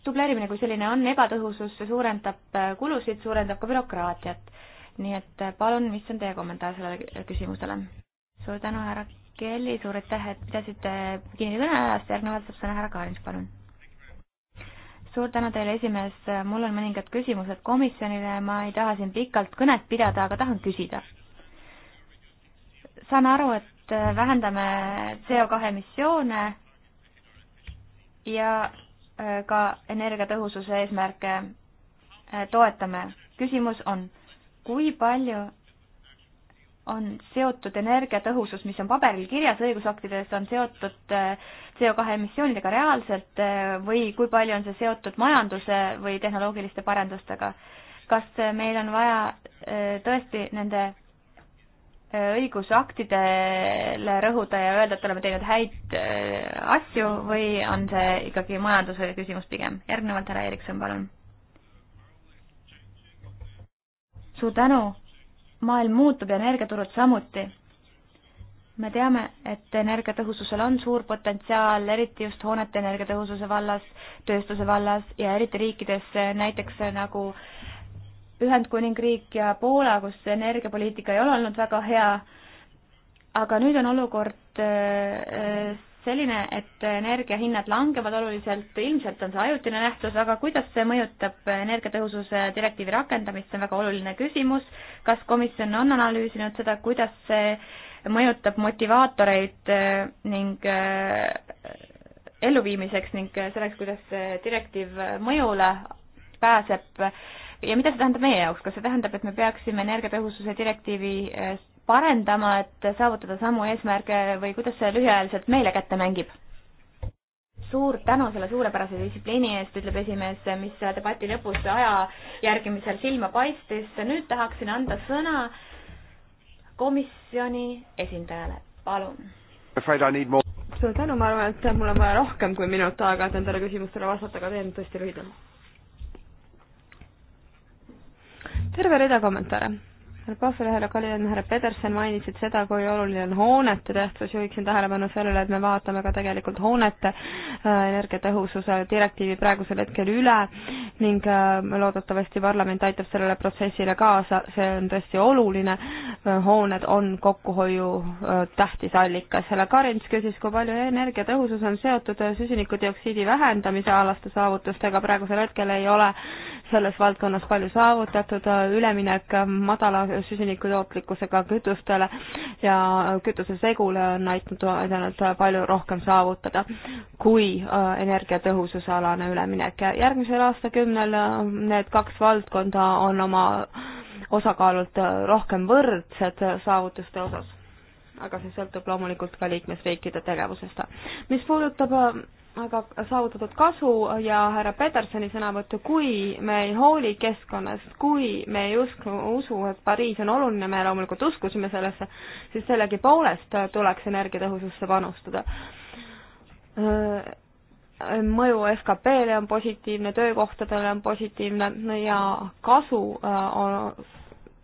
dubleerimine kui selline on ebatõhusus, see suurendab kulusid, suurendab ka bürokraatiat. nii et palun, mis on teie kommentaar sellele küsimusele? suur tänu, härra Kelly, suur aitäh, et pidasite kinni kõne ajast, järgnevalt saab sõna härra Kaarins, palun suur tänu teile, esimees, mul on mõningad küsimused komisjonile, ma ei taha siin pikalt kõnet pidada, aga tahan küsida. saan aru, et vähendame CO2 emissioone ja äh, ka energiatõhususe eesmärke äh, toetame. küsimus on, kui palju on seotud energiatõhusus, mis on paberil kirjas õigusaktides, on seotud äh, CO2 emissioonidega reaalselt äh, või kui palju on see seotud majanduse või tehnoloogiliste parendustega? kas äh, meil on vaja tõesti nende õigusaktidele rõhuda ja öelda, et oleme teinud häid asju või on see ikkagi majanduse küsimus pigem? järgnevalt härra Erikson, palun. suur tänu maailm muutub ja energiaturud samuti. me teame, et energiatõhususel on suur potentsiaal, eriti just hoonete energiatõhususe vallas, tööstuse vallas ja eriti riikides näiteks nagu Ühendkuningriik ja Poola, kus energiapoliitika ei ole olnud väga hea, aga nüüd on olukord äh, äh, selline, et energiahinnad langevad oluliselt, ilmselt on see ajutine nähtus, aga kuidas see mõjutab energiatõhususe direktiivi rakendamist, see on väga oluline küsimus. kas komisjon on analüüsinud seda, kuidas see mõjutab motivaatoreid eh, ning eh, elluviimiseks ning selleks, kuidas see direktiiv mõjule pääseb ja mida see tähendab meie jaoks, kas see tähendab, et me peaksime energiatõhususe direktiivi eh, parendama, et saavutada samu eesmärke või kuidas see lühiajaliselt meile kätte mängib? suur tänu selle suurepärase distsipliini eest, ütleb esimees, mis debati lõpus aja järgimisel silma paistis. nüüd
tahaksin anda sõna komisjoni esindajale, palun. suur tänu, ma arvan, et mul on vaja rohkem kui minut aega, et nendele küsimustele vastata, aga teen tõesti lühidalt. terve rida kommentaare härra Kohver, härra Kalinen, härra Peterson mainisid seda, kui oluline on hoonete tähtsus, juhiksin tähelepanu sellele, et me vaatame ka tegelikult hoonete äh, energiatõhususe direktiivi praegusel hetkel üle ning äh, loodetavasti parlament aitab sellele protsessile kaasa, see on tõesti oluline, äh, hooned on kokkuhoiu tähtis allikas. härra Karins küsis, kui palju energiatõhusus on seotud süsinikudioksiidi vähendamise alaste saavutustega, praegusel hetkel ei ole selles valdkonnas palju saavutatud, üleminek madala süsiniku tootlikkusega kütustele ja kütusesegule on aidanud, aidanud palju rohkem saavutada kui äh, energiatõhususe alane üleminek. järgmisel aastakümnel äh, need kaks valdkonda on oma osakaalult äh, rohkem võrdsed saavutuste osas aga see sõltub loomulikult ka liikmesriikide tegevusest. mis puudutab aga saavutatud kasu ja härra Petersoni sõnavõttu, kui me ei hooli keskkonnast, kui me ei usku, usu, et Pariis on oluline, me loomulikult uskusime sellesse, siis sellegipoolest tuleks energiatõhususse panustada. Äh, mõju SKP-le on positiivne, töökohtadele on positiivne ja kasu äh,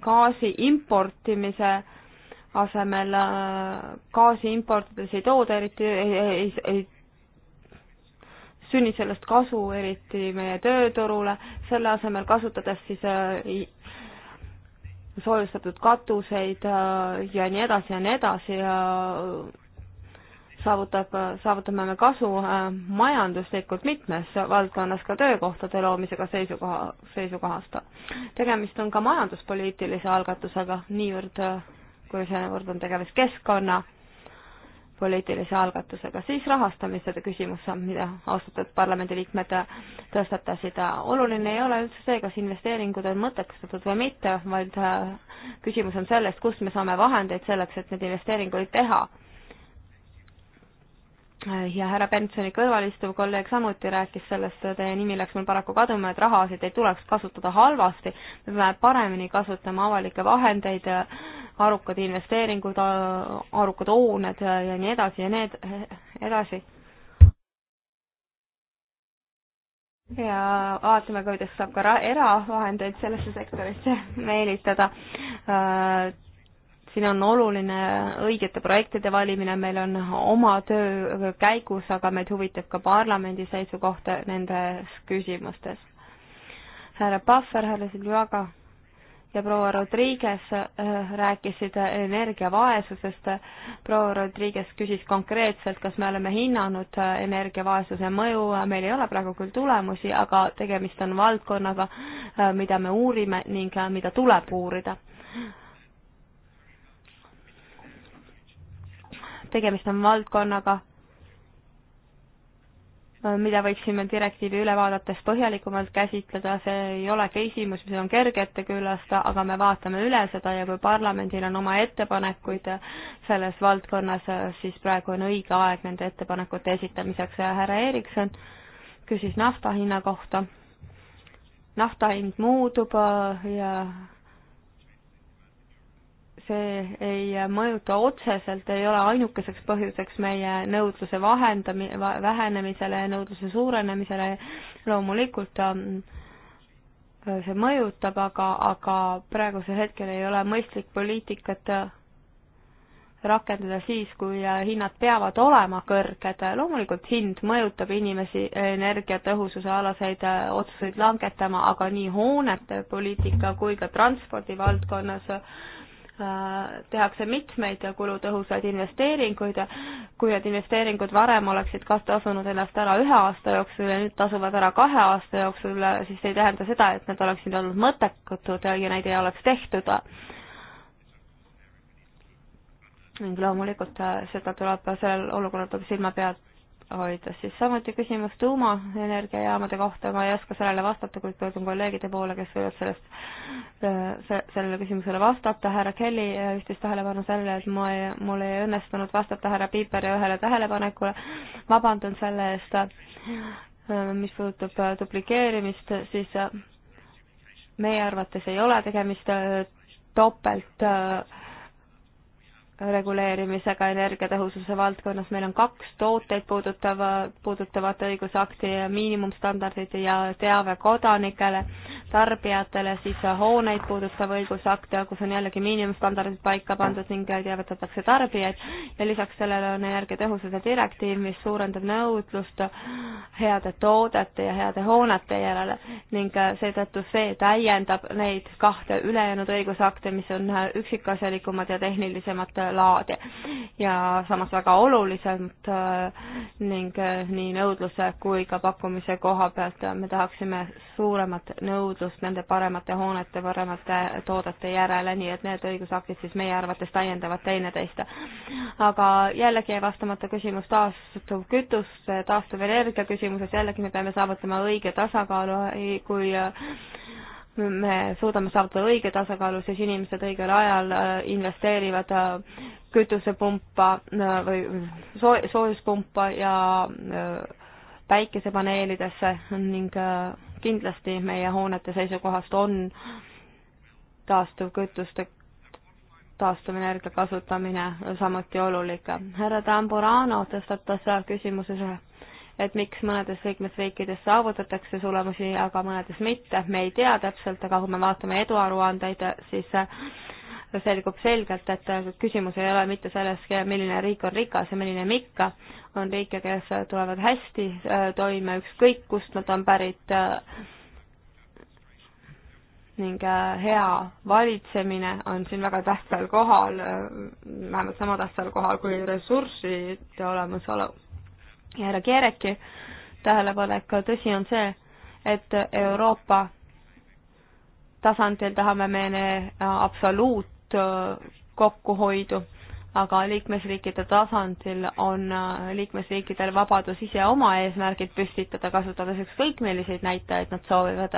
gaasi importimise asemel äh, gaasi importides ei tooda eriti, ei, ei, ei sünni sellest kasu, eriti meie tööturule, selle asemel kasutades siis äh, soojustatud katuseid äh, ja nii edasi ja nii edasi ja saavutab, saavutame me kasu äh, majanduslikult mitmes valdkonnas ka töökohtade loomisega seisukoha, seisukohast. tegemist on ka majanduspoliitilise algatusega, niivõrd kui seekord on tegemist keskkonna poliitilise algatusega. siis rahastamise küsimus, mida austatud parlamendiliikmed tõstatasid. oluline ei ole üldse see, kas investeeringud on mõttekustatud või mitte, vaid äh, küsimus on sellest, kust me saame vahendeid selleks, et neid investeeringuid teha. ja härra Bensoni kõrval istuv kolleeg samuti rääkis sellest, teie nimi läks mul paraku kaduma, et rahasid ei tuleks kasutada halvasti, me peame paremini kasutama avalikke vahendeid arukad investeeringud, arukad hooned ja, ja nii edasi ja need edasi. ja vaatame ka, kuidas saab ka eravahendeid sellesse sektorisse meelitada. Äh, siin on oluline õigete projektide valimine, meil on oma töö käigus, aga meid huvitab ka parlamendi seisukoht nendes küsimustes. härra Pahver, härra Silvaga ja proua Rodriguez äh, rääkisid energiavaesusest. proua Rodriguez küsis konkreetselt, kas me oleme hinnanud äh, energiavaesuse mõju, meil ei ole praegu küll tulemusi, aga tegemist on valdkonnaga, äh, mida me uurime ning mida tuleb uurida. tegemist on valdkonnaga, Äh, mida võiksime direktiivi üle vaadates põhjalikumalt käsitleda, see ei ole küsimus, mis on kerge ette külastada, aga me vaatame üle seda ja kui parlamendil on oma ettepanekuid selles valdkonnas, siis praegu on õige aeg nende ettepanekute esitamiseks. härra Erikson küsis nafta hinna kohta. nafta hind muutub äh, ja see ei mõjuta otseselt, ei ole ainukeseks põhjuseks meie nõudluse vahendami-, vähenemisele ja nõudluse suurenemisele, loomulikult ähm, see mõjutab, aga, aga praegusel hetkel ei ole mõistlik poliitikat äh, rakendada siis, kui äh, hinnad peavad olema kõrged. loomulikult hind mõjutab inimesi energiatõhususe alaseid äh, otsuseid langetama, aga nii hoonete poliitika kui ka transpordivaldkonnas Äh, tehakse mitmeid kulutõhusaid investeeringuid, kui need investeeringud varem oleksid kas tasunud ennast ära ühe aasta jooksul ja nüüd tasuvad ära kahe aasta jooksul, siis see ei tähenda seda, et need oleksid olnud mõttetud ja neid ei oleks tehtud. ning loomulikult äh, seda tuleb, sellel olukorral tuleb silma pealt hoida. siis samuti küsimus tuumaenergiajaamade kohta, ma ei oska sellele vastata, kuid pöördun kolleegide poole, kes võivad sellest, äh, sellele küsimusele vastata. härra Kelly äh, juhtis tähelepanu sellele, et ma ei, mul ei õnnestunud vastata härra Piiperi ühele tähelepanekule. vabandan selle eest. Äh, mis puudutab duplikeerimist, siis meie arvates ei ole tegemist topelt äh, reguleerimisega energiatõhususe valdkonnas, meil on kaks tooteid puudutava, puudutavat õigusakti ja miinimumstandardid ja teave kodanikele, tarbijatele, siis hooneid puudutav õigusakt, kus on jällegi miinimumstandardid paika pandud ning teavitatakse tarbijaid ja lisaks sellele on energiatõhususe direktiiv, mis suurendab nõudlust heade toodete ja heade hoonete järele ning seetõttu see täiendab neid kahte ülejäänud õigusakte, mis on üksikasjalikumad ja tehnilisemad laadi ja samas väga oluliselt äh, ning äh, nii nõudluse kui ka pakkumise koha pealt me tahaksime suuremat nõudlust nende paremate hoonete, paremate toodete järele, nii et need õigusaktid siis meie arvates täiendavad teineteist. aga jällegi jäi vastamata küsimus taastuvkütus, taastuvenergia küsimuses, jällegi me peame saavutama õige tasakaalu, kui äh, me suudame saavutada õige tasakaalu, siis inimesed õigel ajal äh, investeerivad äh, kütusepumpa äh, või soo-, soojuspumpa ja päikesepaneelidesse ning kindlasti meie hoonete seisukohast on taastuvkütuste taastuvenergia kasutamine samuti olulik. härra Tamburano tõstatas küsimuses et miks mõnedes liikmesriikides saavutatakse tulemusi, aga mõnedes mitte, me ei tea täpselt, aga kui me vaatame eduaruandeid, siis äh, selgub selgelt, et äh, küsimus ei ole mitte selles, milline riik on rikas ja milline mikka, on riike, kes tulevad hästi äh, toime, ükskõik kust nad on pärit, ning hea valitsemine on siin väga tähtsal kohal, vähemalt sama tähtsal kohal kui ressursside olemasolu ja härra Kereki tähelepanek, tõsi on see, et Euroopa tasandil tahame me äh, absoluutkokkuhoidu, äh, aga liikmesriikide tasandil on äh, liikmesriikidel vabadus ise oma eesmärgid püstitada, kasutades ükskõik milliseid näitajaid nad soovivad.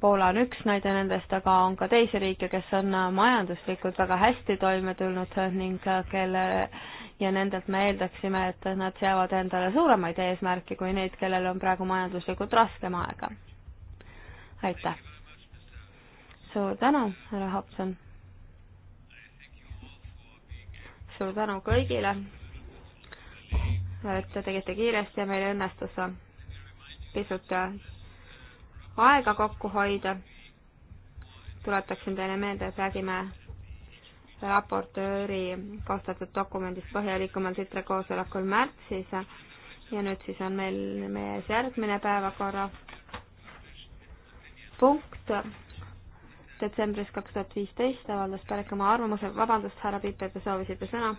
Poola on üks näide nendest, aga on ka teisi riike, kes on majanduslikult väga hästi toime tulnud ning kelle ja nendelt me eeldaksime, et nad seavad endale suuremaid eesmärke kui neid, kellel on praegu majanduslikult raskem aega. aitäh! suur tänu, härra Hobson! suur tänu kõigile, et te tegite kiiresti ja meil õnnestus pisut aega kokku hoida. tuletaksin teile meelde, et räägime raportööri koostatud dokumendist põhjalikumalt ITRE koosolekul märtsis ja nüüd siis on meil meie ees järgmine päevakorra punkt detsembris kaks tuhat viisteist avaldas Perek oma arvamuse, vabandust, härra Piper, te soovisite sõna?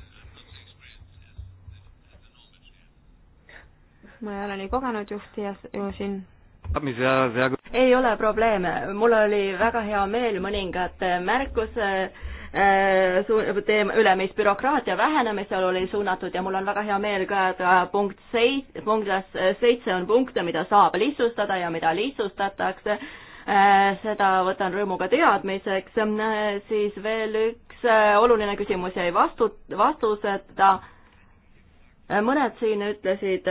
ma ei ole nii kogenud juhti
ja ju siin ei ole probleeme, mul oli väga hea meel mõningate märkuse Äh, teeme üle, mis bürokraatia vähenemisel oli suunatud ja mul on väga hea meel ka, et punkt seit-, punktis seitse on punkte, mida saab lihtsustada ja mida lihtsustatakse. Äh, seda võtan rõõmuga teadmiseks. Äh, siis veel üks oluline küsimus jäi vastu, vastuseta. mõned siin ütlesid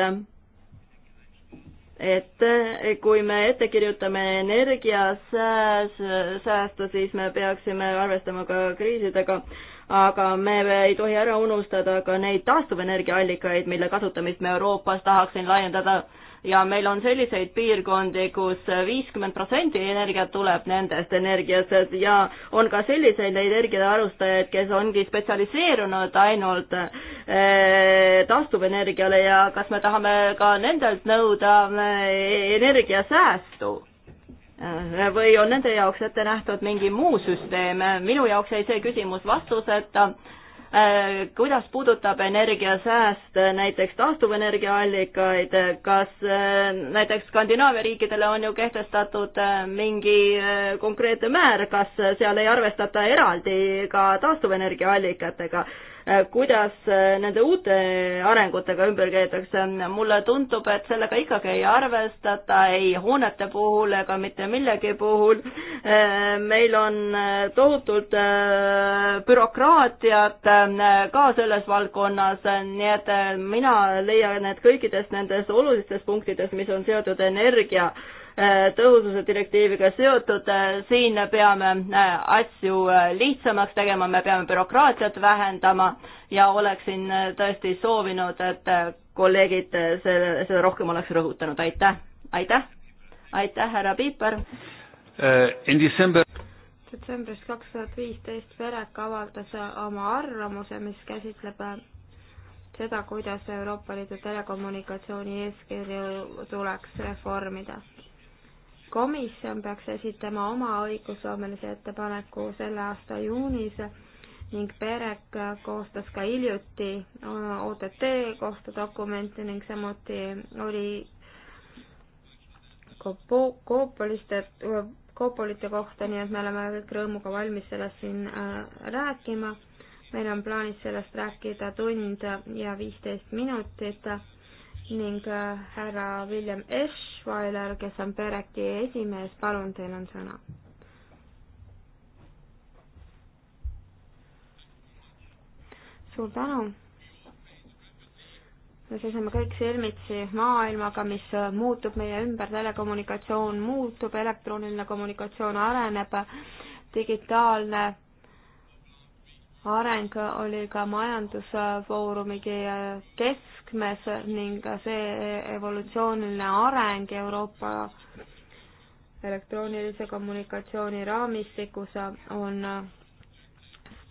et eh, kui me ette kirjutame energiasäästu, siis me peaksime arvestama ka kriisidega, aga me ei tohi ära unustada ka neid taastuvenergiaallikaid, mille kasutamist me Euroopas tahaksin laiendada ja meil on selliseid piirkondi kus, kus viiskümmend protsenti energiat tuleb nendest energiast ja on ka selliseid energiavarustajaid, kes ongi spetsialiseerunud ainult eh, taastuvenergiale ja kas me tahame ka nendelt nõuda eh, energiasäästu? Eh, või on nende jaoks ette nähtud mingi muu süsteem, minu jaoks jäi see küsimus vastuseta et Äh, kuidas puudutab energiasääst äh, näiteks taastuvenergiaallikaid, äh, kas näiteks Skandinaavia riikidele on ju kehtestatud mingi konkreetne määr, kas seal ei arvestata eraldi ka taastuvenergiaallikatega? Äh, kuidas äh, nende uute arengutega ümber käidakse. mulle tundub, et sellega ikkagi ei arvestata ei hoonete puhul ega mitte millegi puhul. Äh, meil on tohutult bürokraatiat ka selles valdkonnas, nii et mina leian, et kõikidest nendest olulistest punktidest, mis on seotud energia Äh, tõhususe direktiiviga seotud, äh, siin peame äh, asju lihtsamaks tegema, me peame bürokraatiat vähendama ja oleksin tõesti soovinud, et kolleegid selle, seda rohkem oleks rõhutanud, aitäh, aitäh, aitäh, härra Piipar
uh,. detsembris kaks tuhat viisteist Verek avaldas oma arvamuse, mis käsitleb seda, kuidas Euroopa Liidu telekommunikatsiooni eeskirju tuleks reformida komisjon peaks esitama oma õigusloomelise ettepaneku selle aasta juunis ning PEREK koostas ka hiljuti äh, OTT kohta dokumente ning samuti oli koopoliste, koopolite kohta, nii et me oleme kõik rõõmuga valmis sellest siin äh, rääkima. meil on plaanis sellest rääkida tund ja viisteist minutit ning äh, härra William Esch Weiler, kes on Pereki esimees, palun, teil on sõna. suur tänu. me seisame kõik silmitsi maailmaga, mis muutub meie ümber, telekommunikatsioon muutub, elektrooniline kommunikatsioon areneb, digitaalne areng oli ka majandusfoorumi keskmes ning see evolutsiooniline areng Euroopa elektroonilise kommunikatsiooni raamistikus on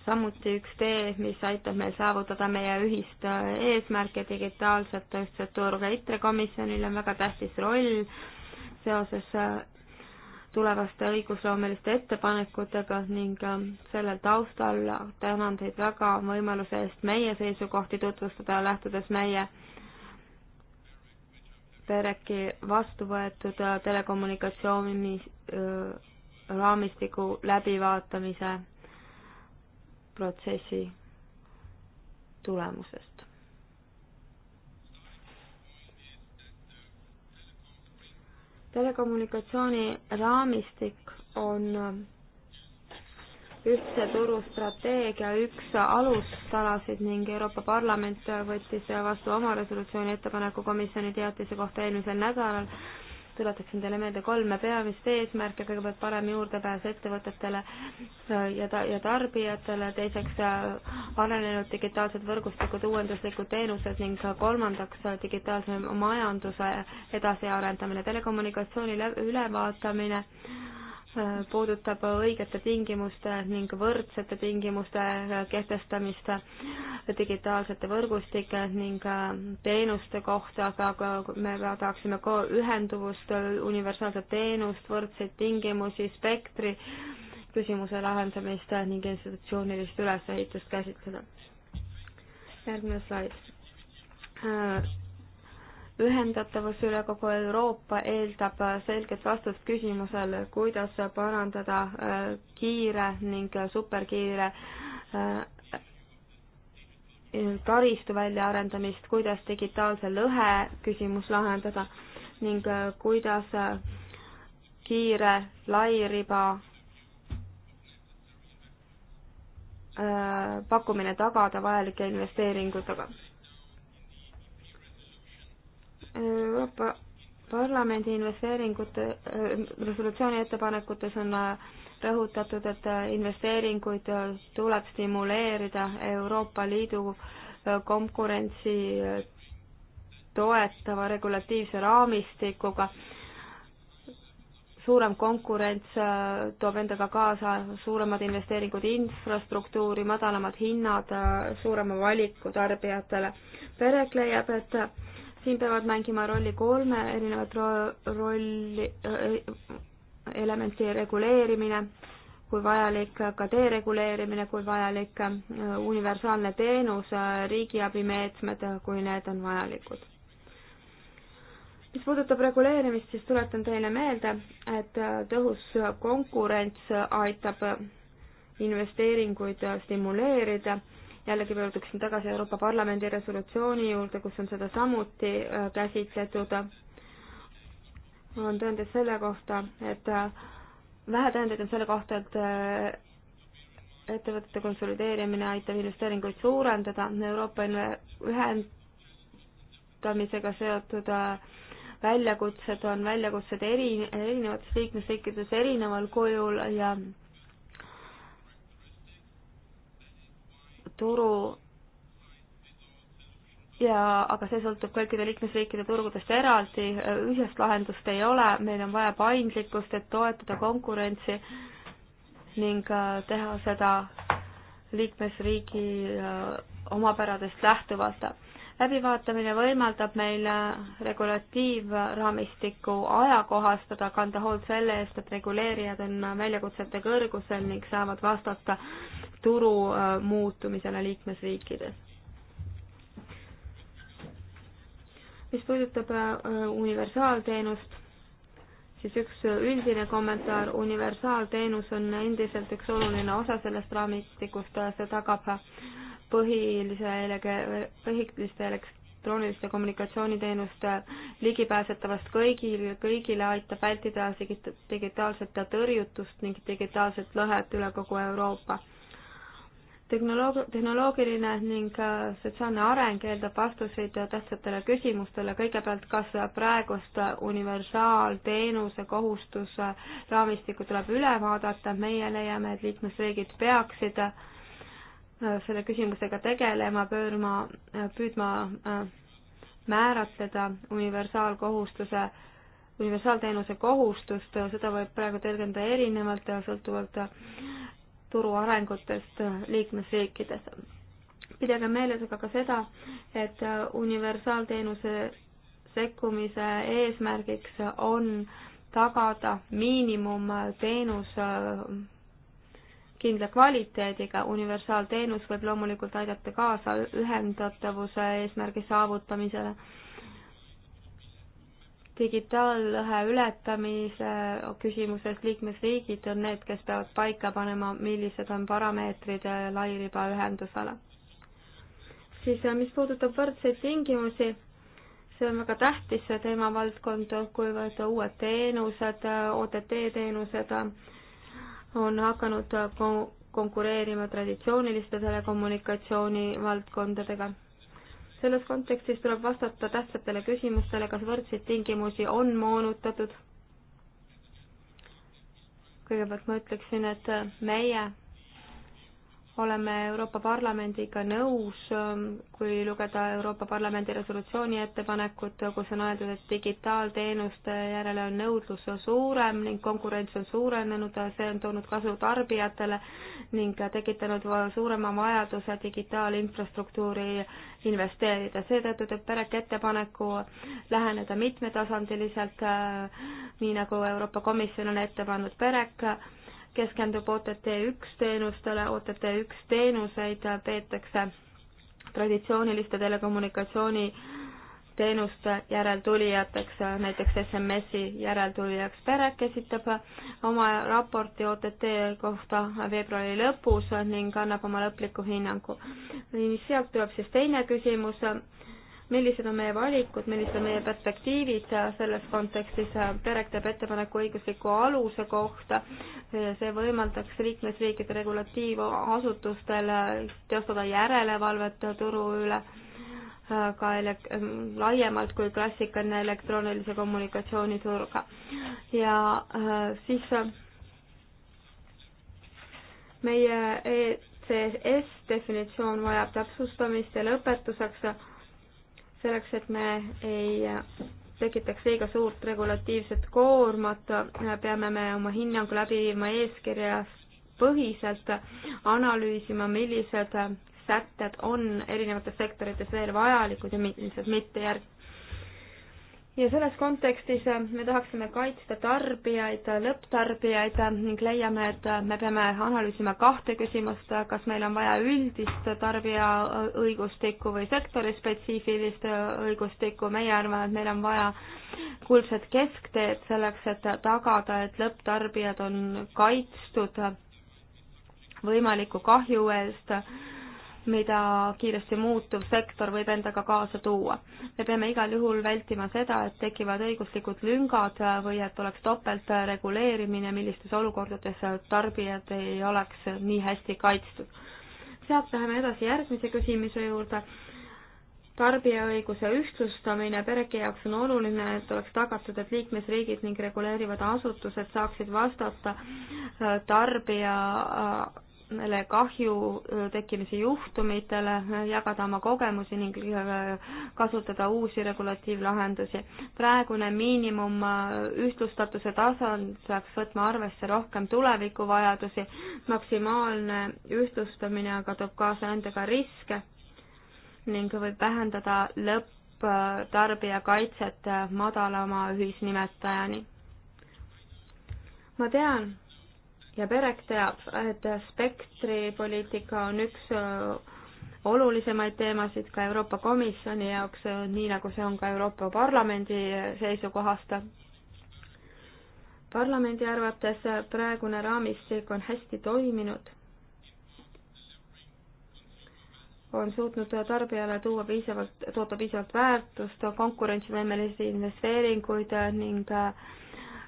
samuti üks tee, mis aitab meil saavutada meie ühist eesmärke digitaalset ühtset turga. ITRE komisjonil on väga tähtis roll seoses tulevaste õigusloomeliste ettepanekutega ning ähm, sellel taustal tänan teid väga võimaluse eest meie seisukohti tutvustada, lähtudes meie PEREC-i vastu võetud äh, telekommunikatsiooni äh, raamistiku läbivaatamise protsessi tulemusest. telekommunikatsiooni raamistik on ühtse turu strateegia üks alustalasid ning Euroopa Parlament võttis vastu oma resolutsiooni ettepaneku komisjoni teatise kohta eelmisel nädalal tuletaksin teile meelde kolme peamist eesmärke, kõigepealt parem juurdepääs ettevõtetele ja ta-, ja tarbijatele, teiseks äh, arenenud digitaalsed võrgustikud, uuenduslikud teenused ning kolmandaks äh, digitaalse majanduse edasiarendamine, telekommunikatsiooni ülevaatamine, puudutab õigete tingimuste ning võrdsete tingimuste kehtestamist digitaalsete võrgustike ning äh, teenuste kohta, aga me tahaksime ka ühenduvust, universaalset teenust, võrdseid tingimusi, spektri küsimuse lahendamist ning institutsioonilist ülesehitust käsitleda. järgmine slaid äh, ühendatavuse üle kogu Euroopa eeldab selget vastust küsimusele, kuidas parandada äh, kiire ning superkiire äh, taristu väljaarendamist, kuidas digitaalse lõhe küsimus lahendada ning äh, kuidas kiire lairiba pakkumine tagada vajalike investeeringutega Euroopa Parlamendi investeeringute äh, resolutsiooni ettepanekutes on äh, rõhutatud, et äh, investeeringuid tuleb stimuleerida Euroopa Liidu konkurentsi toetava regulatiivse raamistikuga. suurem konkurents toob endaga kaasa suuremad investeeringud infrastruktuuri, madalamad hinnad, suurema valiku tarbijatele. Perek leiab, et siin peavad mängima rolli kolme erinevat ro rolli äh,, elementi reguleerimine, kui vajalik, ka dereguleerimine, kui vajalik, äh, universaalne teenus, äh, riigiabimeetmed, äh, kui need on vajalikud. mis puudutab reguleerimist, siis tuletan teile meelde, et tõhus konkurents aitab investeeringuid stimuleerida jällegi pöörduksin tagasi Euroopa Parlamendi resolutsiooni juurde, kus on seda samuti äh, käsitletud, on tõendeid selle kohta, et äh, vähe tõendeid on selle kohta, et äh, ettevõtete konsolideerimine aitab investeeringuid suurendada, Euroopa ühendamisega seotud väljakutsed on väljakutsed eri, erinevates liikmesriikides erineval kujul ja turu ja, aga see sõltub kõikide liikmesriikide turgudest eraldi, ühest lahendust ei ole, meil on vaja paindlikkust, et toetada konkurentsi ning äh, teha seda liikmesriigi äh, omapäradest lähtuvalt. läbivaatamine võimaldab meil äh, regulatiivraamistikku ajakohastada, kanda hoolt selle eest, et reguleerijad on väljakutsete kõrgusel ning saavad vastata turu äh, muutumisele liikmesriikides. mis puudutab äh, universaalteenust, siis üks äh, üldine kommentaar, universaalteenus on endiselt üks oluline osa sellest raamistikust, see tagab põhilise, põhiliste elektrooniliste kommunikatsiooniteenuste ligipääsetavast kõigil, kõigile aitab vältida digitaalset tõrjutust ning digitaalset lõhet üle kogu Euroopa tehnoloog-, tehnoloogiline ning äh, sotsiaalne areng eeldab vastuseid tähtsatele küsimustele, kõigepealt kas praegust universaalteenuse kohustuse raamistikku tuleb üle vaadata, meie leiame, et liikmesriigid peaksid äh, selle küsimusega tegelema, pöörma, äh, püüdma määratleda universaalkohustuse, universaalteenuse kohustust, seda võib praegu tõlgendada erinevalt ja sõltuvalt turu arengutest liikmesriikides. pidage meeles aga ka seda, et universaalteenuse sekkumise eesmärgiks on tagada miinimumteenus äh, kindla kvaliteediga. universaalteenus võib loomulikult aidata kaasa ühendatavuse eesmärgi saavutamisele digitaallahe ületamise küsimuses liikmesriigid on need, kes peavad paika panema, millised on parameetrid lairibaühendusele. siis äh, mis puudutab võrdseid tingimusi, see on väga tähtis teemavaldkond, kuivõrd uued teenused, äh, OTT teenused äh, on hakanud konkureerima traditsiooniliste telekommunikatsiooni valdkondadega selles kontekstis tuleb vastata tähtsatele küsimustele, kas võrdseid tingimusi on moonutatud. kõigepealt ma ütleksin, et meie oleme Euroopa Parlamendiga nõus, ähm, kui lugeda Euroopa Parlamendi resolutsiooni ettepanekut, kus on öeldud, et digitaalteenuste järele on nõudlus suurem ning konkurents on suurenenud, see on toonud kasu tarbijatele ning tekitanud suurema vajaduse digitaalinfrastruktuuri investeerida. seetõttu teeb Perek ettepaneku läheneda mitmetasandiliselt, äh, nii nagu Euroopa Komisjon on ette pannud Perek keskendub OTT üks teenustele, OTT üks teenuseid peetakse traditsiooniliste telekommunikatsiooni teenuste järeltulijateks, näiteks SMS-i järeltulijaks Perek esitab oma raporti OTT kohta veebruari lõpus ning annab oma lõpliku hinnangu. sealt tuleb siis teine küsimus millised on meie valikud, millised on meie perspektiivid selles kontekstis, PEREK teeb ettepaneku õigusliku aluse kohta, see võimaldaks liikmesriikide regulatiivasutustel teostada järelevalvet turu üle ka ele-, laiemalt kui klassikaline elektroonilise kommunikatsiooni turg. ja äh, siis äh, meie ECS definitsioon vajab täpsustamist ja lõpetuseks selleks, et me ei tekitaks liiga suurt regulatiivset koormat, peame me oma hinnangu läbi viima eeskirjast põhiselt, analüüsima, millised sätted on erinevates sektorites veel vajalikud ja millised mitte järg-, ja selles kontekstis äh, me tahaksime kaitsta tarbijaid, lõpptarbijaid ning leiame, et äh, me peame analüüsima kahte küsimust, äh, kas meil on vaja üldist tarbija õigustikku või sektori spetsiifilist õigustikku, meie arvame, et meil on vaja kuldset keskteed selleks, et tagada, et lõpptarbijad on kaitstud võimaliku kahju eest mida kiiresti muutuv sektor võib endaga kaasa tuua. me peame igal juhul vältima seda, et tekivad õiguslikud lüngad või et oleks topeltreguleerimine, millistes olukordades tarbijad ei oleks nii hästi kaitstud. sealt läheme edasi järgmise küsimuse juurde tarbijaõiguse ühtlustamine pereke jaoks on oluline, et oleks tagatud, et liikmesriigid ning reguleerivad asutused saaksid vastata tarbija neile kahju tekkimise juhtumitele, jagada oma kogemusi ning kasutada uusi regulatiivlahendusi. praegune miinimum ühtlustatuse tasand peaks võtma arvesse rohkem tulevikuvajadusi, maksimaalne ühtlustamine aga toob kaasa endaga riske ning võib vähendada lõpptarbijakaitset madalama ühisnimetajani. ma tean, ja Perek teab, et spektripoliitika on üks äh, olulisemaid teemasid ka Euroopa Komisjoni jaoks, äh, nii nagu see on ka Euroopa Parlamendi äh, seisukohast. parlamendi arvates praegune raamistik on hästi toiminud, on suutnud tarbijale tuua piisavalt, toota piisavalt väärtust, konkurentsivõimelisi investeeringuid ning äh,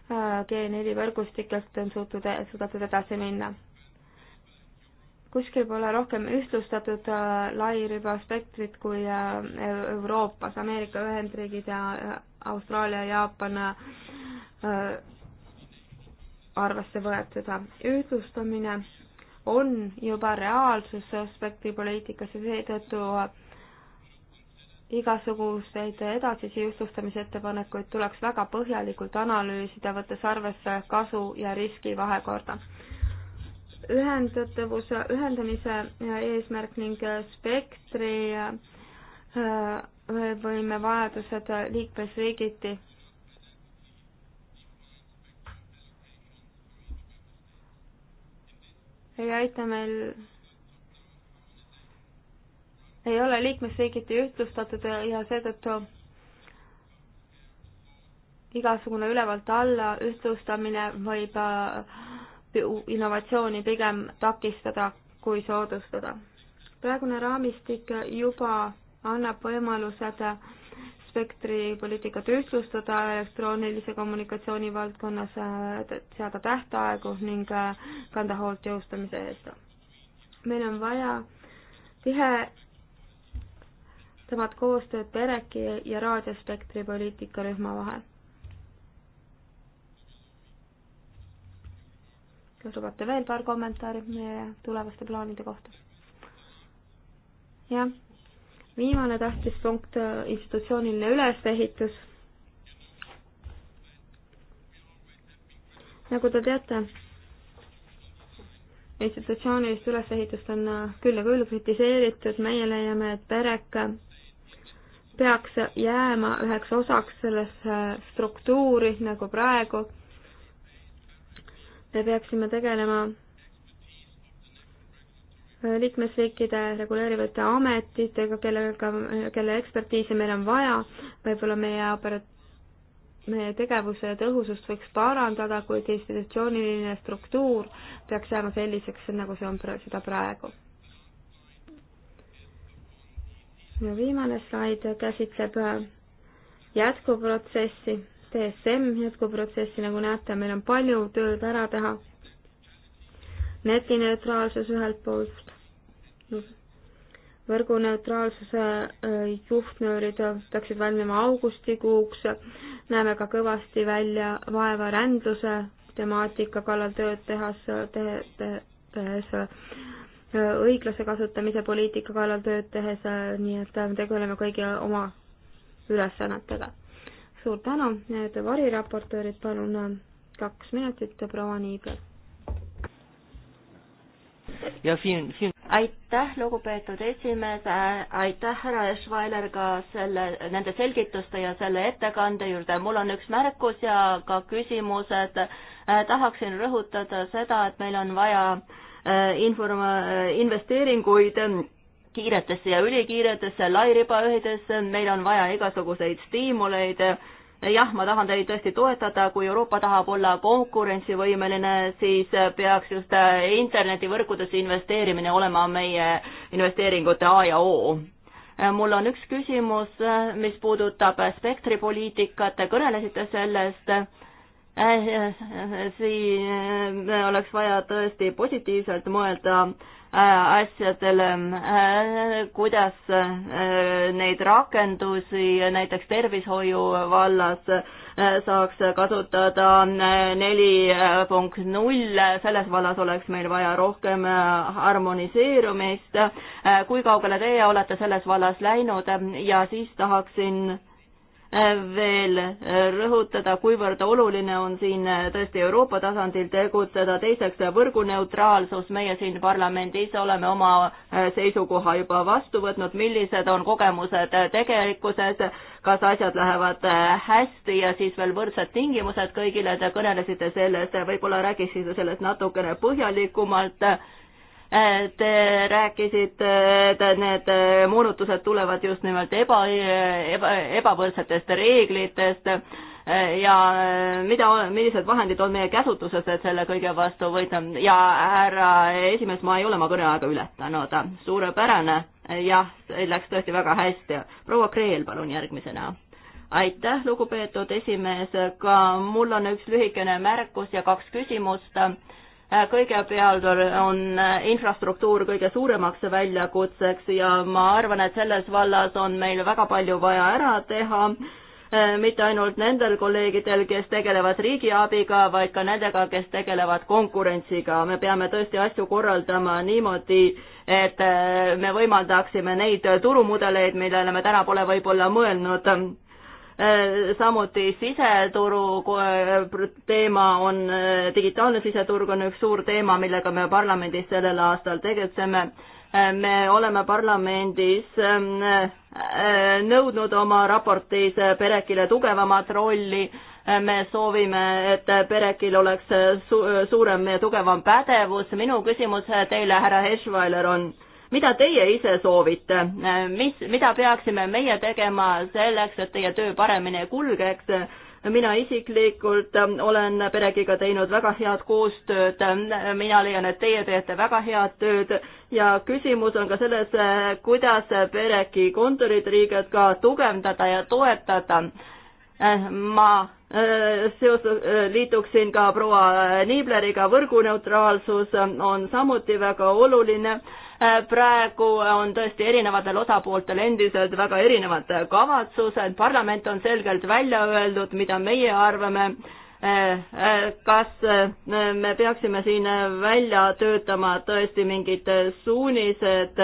G4 võrgustikest on suutud, suudetud edasi minna. kuskil pole rohkem ühtlustatud äh, lairiba spektrit kui äh, Euroopas, Ameerika Ühendriigid ja äh, Austraalia, Jaapan arvesse võetud. ühtlustamine on juba reaalsus spektri poliitikas ja seetõttu igasuguseid edasisi ühtlustamise ettepanekuid tuleks väga põhjalikult analüüsida, võttes arvesse kasu ja riski vahekorda. ühendatavuse, ühendamise eesmärk ning spektri äh, võime vajadused liikmesriigiti. ei aita meil ei ole liikmesriigiti ühtlustatud ja seetõttu igasugune ülevalt alla ühtlustamine võib äh, innovatsiooni pigem takistada kui soodustada. praegune raamistik juba annab võimalused spektripoliitikat ühtlustada elektroonilise kommunikatsiooni valdkonnas, äh, seada tähtaegu ning äh, kanda hoolt jõustamise eest. meil on vaja tihe teevad koostööd Pereki ja Raadiospektri poliitikarühma vahel. kas lubate veel paar kommentaari meie tulevaste plaanide kohta? jah, viimane tähtis punkt, institutsiooniline ülesehitus. nagu te teate, institutsioonilist ülesehitust on küll ja küll kritiseeritud, meie leiame, et pereka peaks jääma üheks osaks sellesse struktuuri nagu praegu. me peaksime tegelema liikmesriikide reguleerivate ametitega, kellega, kelle ekspertiisi meil on vaja, võib-olla meie opera-, meie tegevuse tõhusust võiks parandada, kuid institutsiooniline struktuur peaks jääma selliseks, nagu see on, seda praegu minu viimane slaid käsitleb äh, jätkuprotsessi, DSM jätkuprotsessi, nagu näete, meil on palju tööd ära teha. netineutraalsus ühelt poolt, võrguneutraalsuse äh, äh, juhtnöörid peaksid valmima augustikuuks, näeme ka kõvasti välja vaeva rändluse temaatika kallal tööd tehas te,, tehes te, õiglase kasutamise poliitika kallal tööd tehes, äh, nii et äh, tegeleme kõigi oma ülesannetega. suur tänu, need variraportöörid, palun äh, kaks minutit, proua Niibel.
ja siin, siin aitäh, lugupeetud esimees, aitäh, härra Eschweiler, ka selle, nende selgituste ja selle ettekande juurde. mul on üks märkus ja ka küsimused. tahaksin rõhutada seda, et meil on vaja äh, Äh, informa-, äh, investeeringuid ähm, kiiretesse ja ülikiiretesse lairibaühidesse, meil on vaja igasuguseid stiimuleid, jah, ma tahan teid tõesti toetada, kui Euroopa tahab olla konkurentsivõimeline, siis peaks just äh, internetivõrkudesse investeerimine olema meie investeeringute A ja O mul on üks küsimus, mis puudutab spektripoliitikat, kõnelesite sellest Äh, siin äh, oleks vaja tõesti positiivselt mõelda äh, asjadele, kuidas neid rakendusi näiteks tervishoiu vallas saaks kasutada neli punkt null, selles vallas oleks meil vaja rohkem harmoniseerumist. kui kaugele teie olete selles vallas läinud ja siis tahaksin Äh, veel äh, rõhutada, kuivõrd oluline on siin äh, tõesti Euroopa tasandil tegutseda, teiseks võrguneutraalsus, meie siin parlamendis oleme oma seisukoha juba vastu võtnud, millised on kogemused tegelikkuses, kas asjad lähevad hästi ja siis veel võrdsed tingimused kõigile, te kõnelesite sellest, võib-olla räägiksite sellest natukene põhjalikumalt Äh, te rääkisite, et need äh, muudatused tulevad just nimelt eba, äh, eba, ebavõrdsetest reeglitest ja mida, millised vahendid on meie käsutuses, et selle kõige vastu võita ja härra esimees, ma ei ole oma kõneaega ületanud, suurepärane, jah, läks tõesti väga hästi. proua Kreel, palun järgmisena aitäh, lugupeetud esimees, ka mul on üks lühikene märkus ja kaks küsimust Äh, kõigepealt on äh, infrastruktuur kõige suuremaks väljakutseks ja ma arvan, et selles vallas on meil väga palju vaja ära teha, äh, mitte ainult nendel kolleegidel, kes tegelevad riigiabiga, vaid ka nendega, kes tegelevad konkurentsiga. me peame tõesti asju korraldama niimoodi, et me võimaldaksime neid turumudeleid, millele me täna pole võib-olla mõelnud Äh, samuti siseturu äh, teema on, äh, digitaalne siseturg on üks suur teema, millega me parlamendis sellel aastal tegutseme. me oleme parlamendis ähm, nõudnud oma raportis Perekile tugevamat rolli, me soovime, et Perekil oleks su suurem ja tugevam pädevus. minu küsimus teile, härra Heschweiler, on mida teie ise soovite, mis, mida peaksime meie tegema selleks, et teie töö paremini kulgeks? mina isiklikult olen Perekiga teinud väga head koostööd, mina leian, et teie teete väga head tööd ja küsimus on ka selles, kuidas Pereki kontorit riigilt ka tugevdada ja toetada. ma äh, seoses äh, liituksin ka proua Niibleriga, võrguneutraalsus on samuti väga oluline Äh, praegu on tõesti erinevatel osapooltel endiselt väga erinevad kavatsused, parlament on selgelt välja öeldud, mida meie arvame äh, äh, kas me peaksime siin välja töötama tõesti mingid suunised,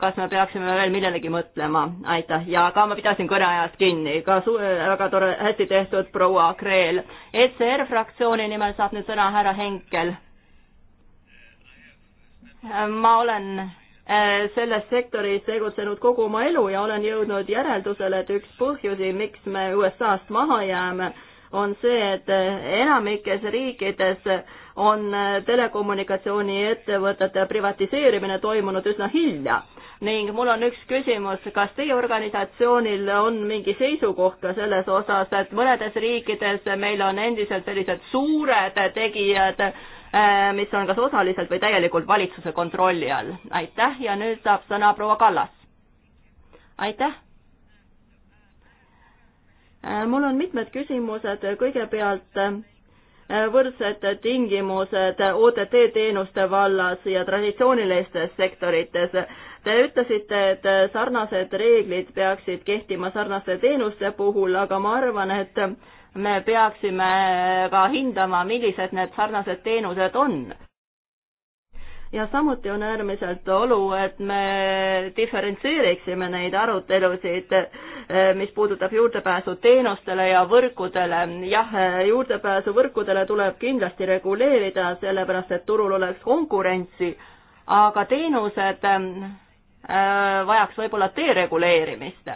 kas me peaksime veel millelegi mõtlema, aitäh, ja ka ma pidasin kõneajast kinni, ka su-, väga tore, hästi tehtud, proua Kreel. ECR fraktsiooni nimel saab nüüd sõna härra Henkel ma olen äh, selles sektoris tegutsenud kogu oma elu ja olen jõudnud järeldusele, et üks põhjusi, miks me USA-st maha jääme, on see, et äh, enamikes riikides on äh, telekommunikatsiooniettevõtete privatiseerimine toimunud üsna hilja ning mul on üks küsimus, kas teie organisatsioonil on mingi seisukoht ka selles osas, et mõnedes riikides meil on endiselt sellised suured tegijad, Äh, mis on kas osaliselt või täielikult valitsuse kontrolli all. aitäh ja nüüd saab sõna proua Kallas. aitäh. Äh, mul on mitmed küsimused, kõigepealt äh, võrdsed tingimused OTT teenuste vallas ja traditsioonilistes sektorites. Te ütlesite, et sarnased reeglid peaksid kehtima sarnaste teenuste puhul, aga ma arvan, et me peaksime ka hindama, millised need sarnased teenused on. ja samuti on äärmiselt olu, et me diferentseeriksime neid arutelusid, eh, mis puudutab juurdepääsu teenustele ja võrkudele. jah, eh, juurdepääsu võrkudele tuleb kindlasti reguleerida, sellepärast et turul oleks konkurentsi, aga teenused eh, vajaks võib-olla dereguleerimist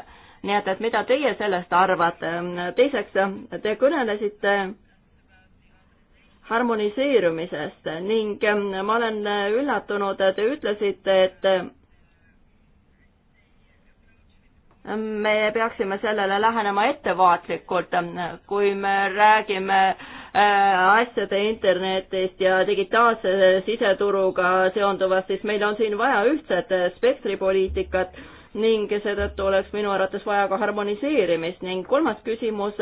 nii et, et mida teie sellest arvate? teiseks, te kõnelesite harmoniseerumisest ning ma olen üllatunud, te ütlesite, et me peaksime sellele lähenema ettevaatlikult, kui me räägime äh, asjade internetist ja digitaalse siseturuga seonduvast, siis meil on siin vaja ühtset spektripoliitikat ning seetõttu oleks minu arvates vaja ka harmoniseerimist ning kolmas küsimus,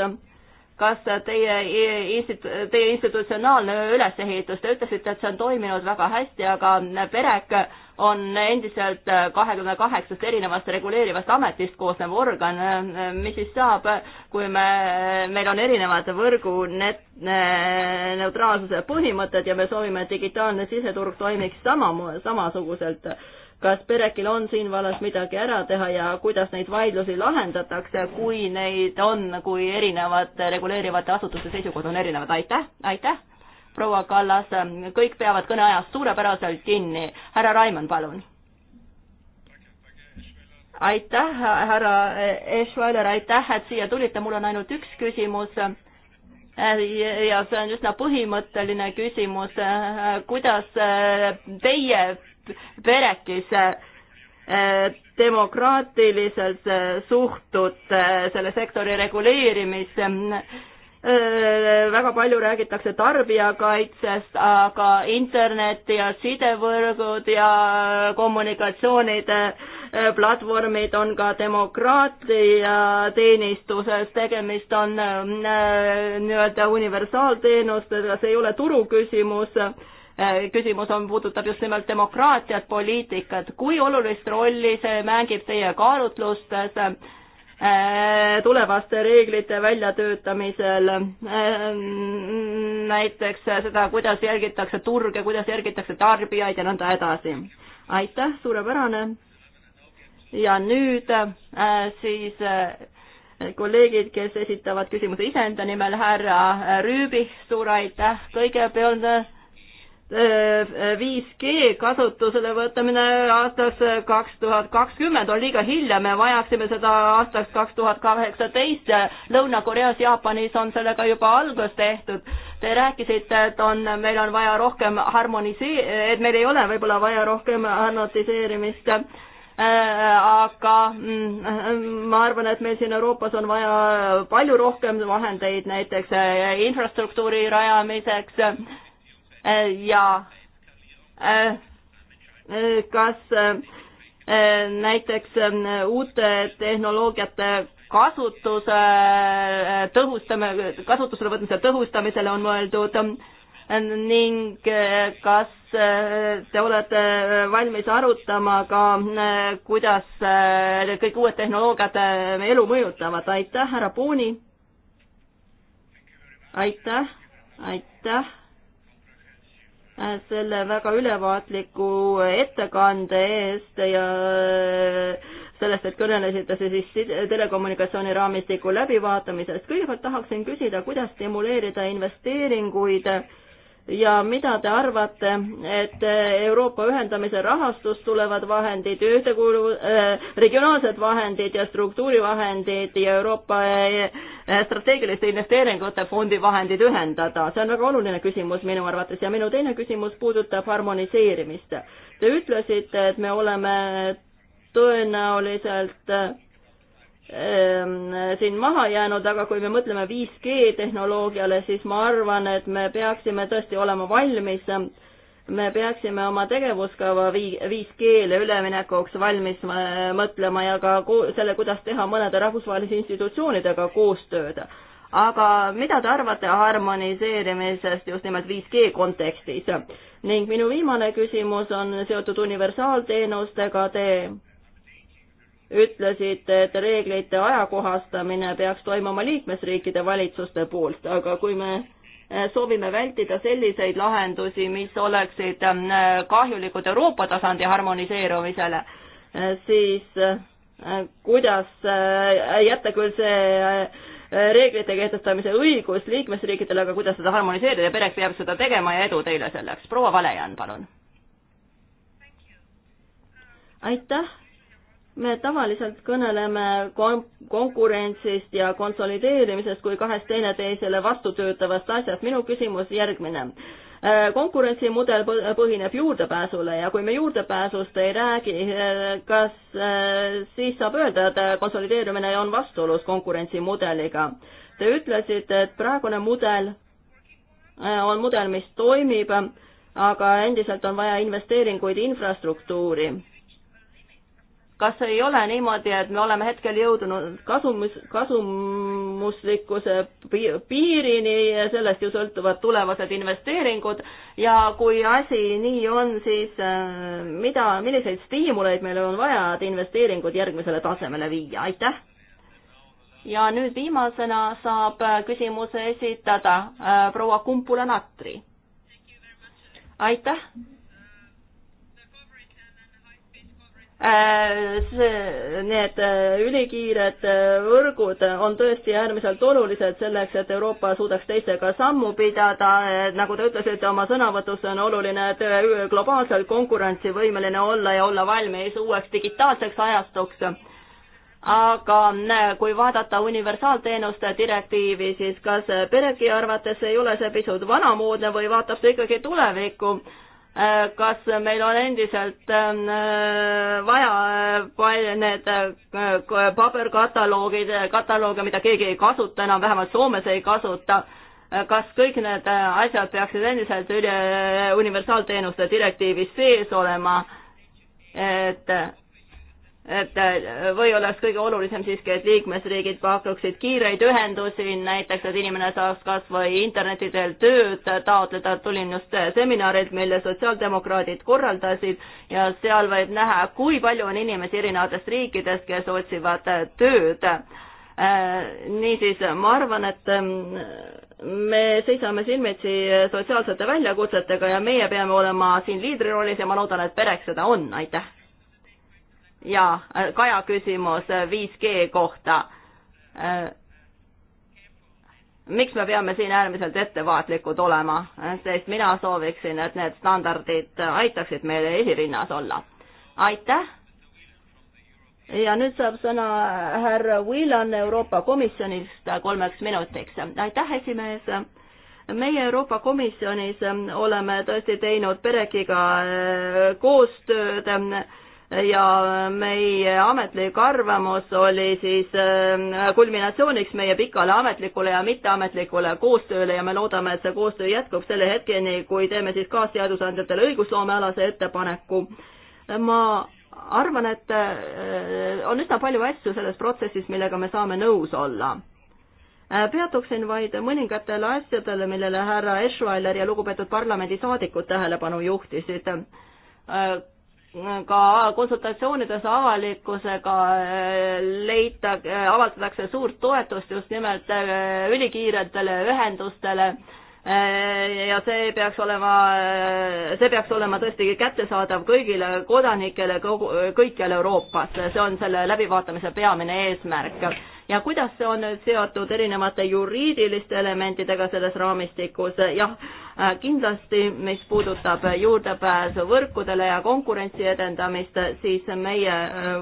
kas teie instit-, teie institutsionaalne ülesehitus, te ütlesite, et see on toiminud väga hästi, aga PEREK on endiselt kahekümne kaheksast erinevast reguleerivast ametist koosnev organ, mis siis saab, kui me, meil on erinevad võrgu net-, neutraalsuse põhimõtted ja me soovime, et digitaalne siseturg toimiks sama, samasuguselt kas PERECil on siin vallas midagi ära teha ja kuidas neid vaidlusi lahendatakse, kui neid on, kui erinevate reguleerivate asutuste seisukohad on erinevad, aitäh, aitäh, proua Kallas, kõik peavad kõneajast suurepäraselt kinni, härra Raimond, palun. aitäh, härra Eschweiler, aitäh, et siia tulite, mul on ainult üks küsimus ja see on üsna põhimõtteline küsimus, kuidas teie perekis äh, demokraatiliselt äh, suhtud äh, selle sektori reguleerimisse. väga palju räägitakse tarbijakaitsest, aga interneti ja sidevõrgud ja kommunikatsioonide platvormid on ka demokraatia teenistuses, tegemist on nii-öelda universaalteenustega, see ei ole turu küsimus Äh, küsimus on, puudutab just nimelt demokraatiat, poliitikat, kui olulist rolli see mängib teie kaalutlustes äh, tulevaste reeglite väljatöötamisel, äh, näiteks seda, kuidas jälgitakse turge, kuidas jälgitakse tarbijaid ja nõnda edasi. aitäh, suurepärane. ja nüüd siis kolleegid, kes esitavad küsimuse iseenda nimel, härra Rüübich, suur aitäh kõigepealt 5G kasutusele võtmine aastaks kaks tuhat kakskümmend on liiga hilja, me vajaksime seda aastaks kaks tuhat kaheksateist. Lõuna-Koreas, Jaapanis on sellega juba algus tehtud. Te rääkisite, et on, meil on vaja rohkem harmonisee-, et meil ei ole võib-olla vaja rohkem harmoniseerimist aga mm, ma arvan, et meil siin Euroopas on vaja palju rohkem vahendeid näiteks infrastruktuuri rajamiseks Äh, ja äh, äh, kas näiteks uute tehnoloogiate kasutuse tõhustame, kasutusele võtmise tõhustamisele on mõeldud ning kas te olete valmis arutama ka, kuidas kõik uued tehnoloogiad meie elu mõjutavad, aitäh, härra Puuni! aitäh, aitäh! Äh, selle väga ülevaatliku ettekande eest ja äh, sellest, et kõnelesite siis telekommunikatsiooni raamistiku läbivaatamisest. kõigepealt tahaksin küsida, kuidas stimuleerida investeeringuid äh, ja mida te arvate, et Euroopa ühendamise rahastust tulevad vahendid, ühtekuuluv- äh,, regionaalsed vahendid ja struktuurivahendid ja Euroopa äh, strateegiliste investeeringute fondi vahendid ühendada, see on väga oluline küsimus minu arvates ja minu teine küsimus puudutab harmoniseerimist. Te ütlesite, et me oleme tõenäoliselt Ehm, siin maha jäänud, aga kui me mõtleme 5G tehnoloogiale, siis ma arvan, et me peaksime tõesti olema valmis, me peaksime oma tegevuskava 5G-le üleminekuks valmis äh, mõtlema ja ka selle, kuidas teha mõnede rahvusvahelise institutsioonidega koostööd. aga mida te arvate harmoniseerimisest just nimelt 5G kontekstis? ning minu viimane küsimus on seotud universaalteenustega, te ütlesite, et reeglite ajakohastamine peaks toimuma liikmesriikide valitsuste poolt, aga kui me eh, soovime vältida selliseid lahendusi, mis oleksid eh, kahjulikud Euroopa tasandi harmoniseerumisele, eh, siis kuidas jätta küll see reeglite kehtestamise õigus liikmesriikidele, aga kuidas seda harmoniseerida ja pereks peab seda tegema ja edu teile selleks. proua Valejan, palun. aitäh me tavaliselt kõneleme kon-, konkurentsist ja konsolideerimisest kui kahest teineteisele vastu töötavast asjast. minu küsimus järgmine. Äh, konkurentsimudel põhineb juurdepääsule ja kui me juurdepääsust ei räägi, äh, kas äh, siis saab öelda, et konsolideerimine on vastuolus konkurentsimudeliga? Te ütlesite, et praegune mudel on mudel, mis toimib, aga endiselt on vaja investeeringuid infrastruktuuri kas ei ole niimoodi, et me oleme hetkel jõudnud kasumus, kasumuslikkuse piirini ja sellest ju sõltuvad tulevased investeeringud ja kui asi nii on, siis äh, mida, milliseid stiimuleid meil on vaja, et investeeringud järgmisele tasemele viia, aitäh! ja nüüd viimasena saab äh, küsimuse esitada äh, proua Kumpula-Natri. aitäh! Äh, see, need äh, ülikiired äh, võrgud on tõesti äärmiselt olulised selleks, et Euroopa suudaks teistega sammu pidada, nagu te ütlesite oma sõnavõtus, on oluline globaalselt konkurentsivõimeline olla ja olla valmis uueks digitaalseks ajastuks aga kui vaadata universaalteenuste direktiivi, siis kas peregi arvates ei ole see pisut vanamoodne või vaatab see ikkagi tulevikku? Äh, kas meil on endiselt ähm, äh, vaja äh, need paberkataloogid, katalooge, mida keegi ei kasuta enam, vähemalt Soomes ei kasuta, kas kõik need asjad peaksid endiselt üle universaalteenuste direktiivis sees olema, et et äh, või oleks kõige olulisem siiski, et liikmesriigid pakuksid kiireid ühendusi, näiteks et inimene saaks kas või interneti teel tööd taotleda, tulin just seminarilt, mille sotsiaaldemokraadid korraldasid ja seal võib näha, kui palju on inimesi erinevatest riikidest, kes otsivad äh, tööd. Äh, niisiis, ma arvan, et ähm, me seisame silmitsi sotsiaalsete väljakutsetega ja meie peame olema siin liidrirollis ja ma loodan, et pereks seda on, aitäh! ja äh, Kaja küsimus 5G äh, kohta. Äh, miks me peame siin äärmiselt ettevaatlikud olema, sest mina sooviksin, et need standardid aitaksid meil esirinnas olla. aitäh. ja nüüd saab sõna härra Whelan Euroopa Komisjonist kolmeks minutiks. aitäh, esimees meie Euroopa Komisjonis oleme tõesti teinud Perekiga koostööd ja meie ametlik arvamus oli siis ähm, kulminatsiooniks meie pikale ametlikule ja mitteametlikule koostööle ja me loodame, et see koostöö jätkub selle hetkeni, kui teeme siis kaasseadusandjatele õigusloomealase ettepaneku. ma arvan, et äh, on üsna palju asju selles protsessis, millega me saame nõus olla. Äh, peatuksin vaid mõningatele asjadele, millele härra Eschweiler ja lugupeetud parlamendisaadikud tähelepanu juhtisid äh, ka konsultatsioonides avalikkusega eh, leita, eh, avaldatakse suurt toetust just nimelt eh, ülikiiretele ühendustele Äh, ja see peaks olema, äh, see peaks olema tõesti kättesaadav kõigile kodanikele kogu, äh, kõikjal Euroopas, see on selle läbivaatamise peamine eesmärk. ja kuidas see on nüüd seotud erinevate juriidiliste elementidega selles raamistikus, jah, kindlasti mis puudutab juurdepääsu võrkudele ja konkurentsi edendamist, siis meie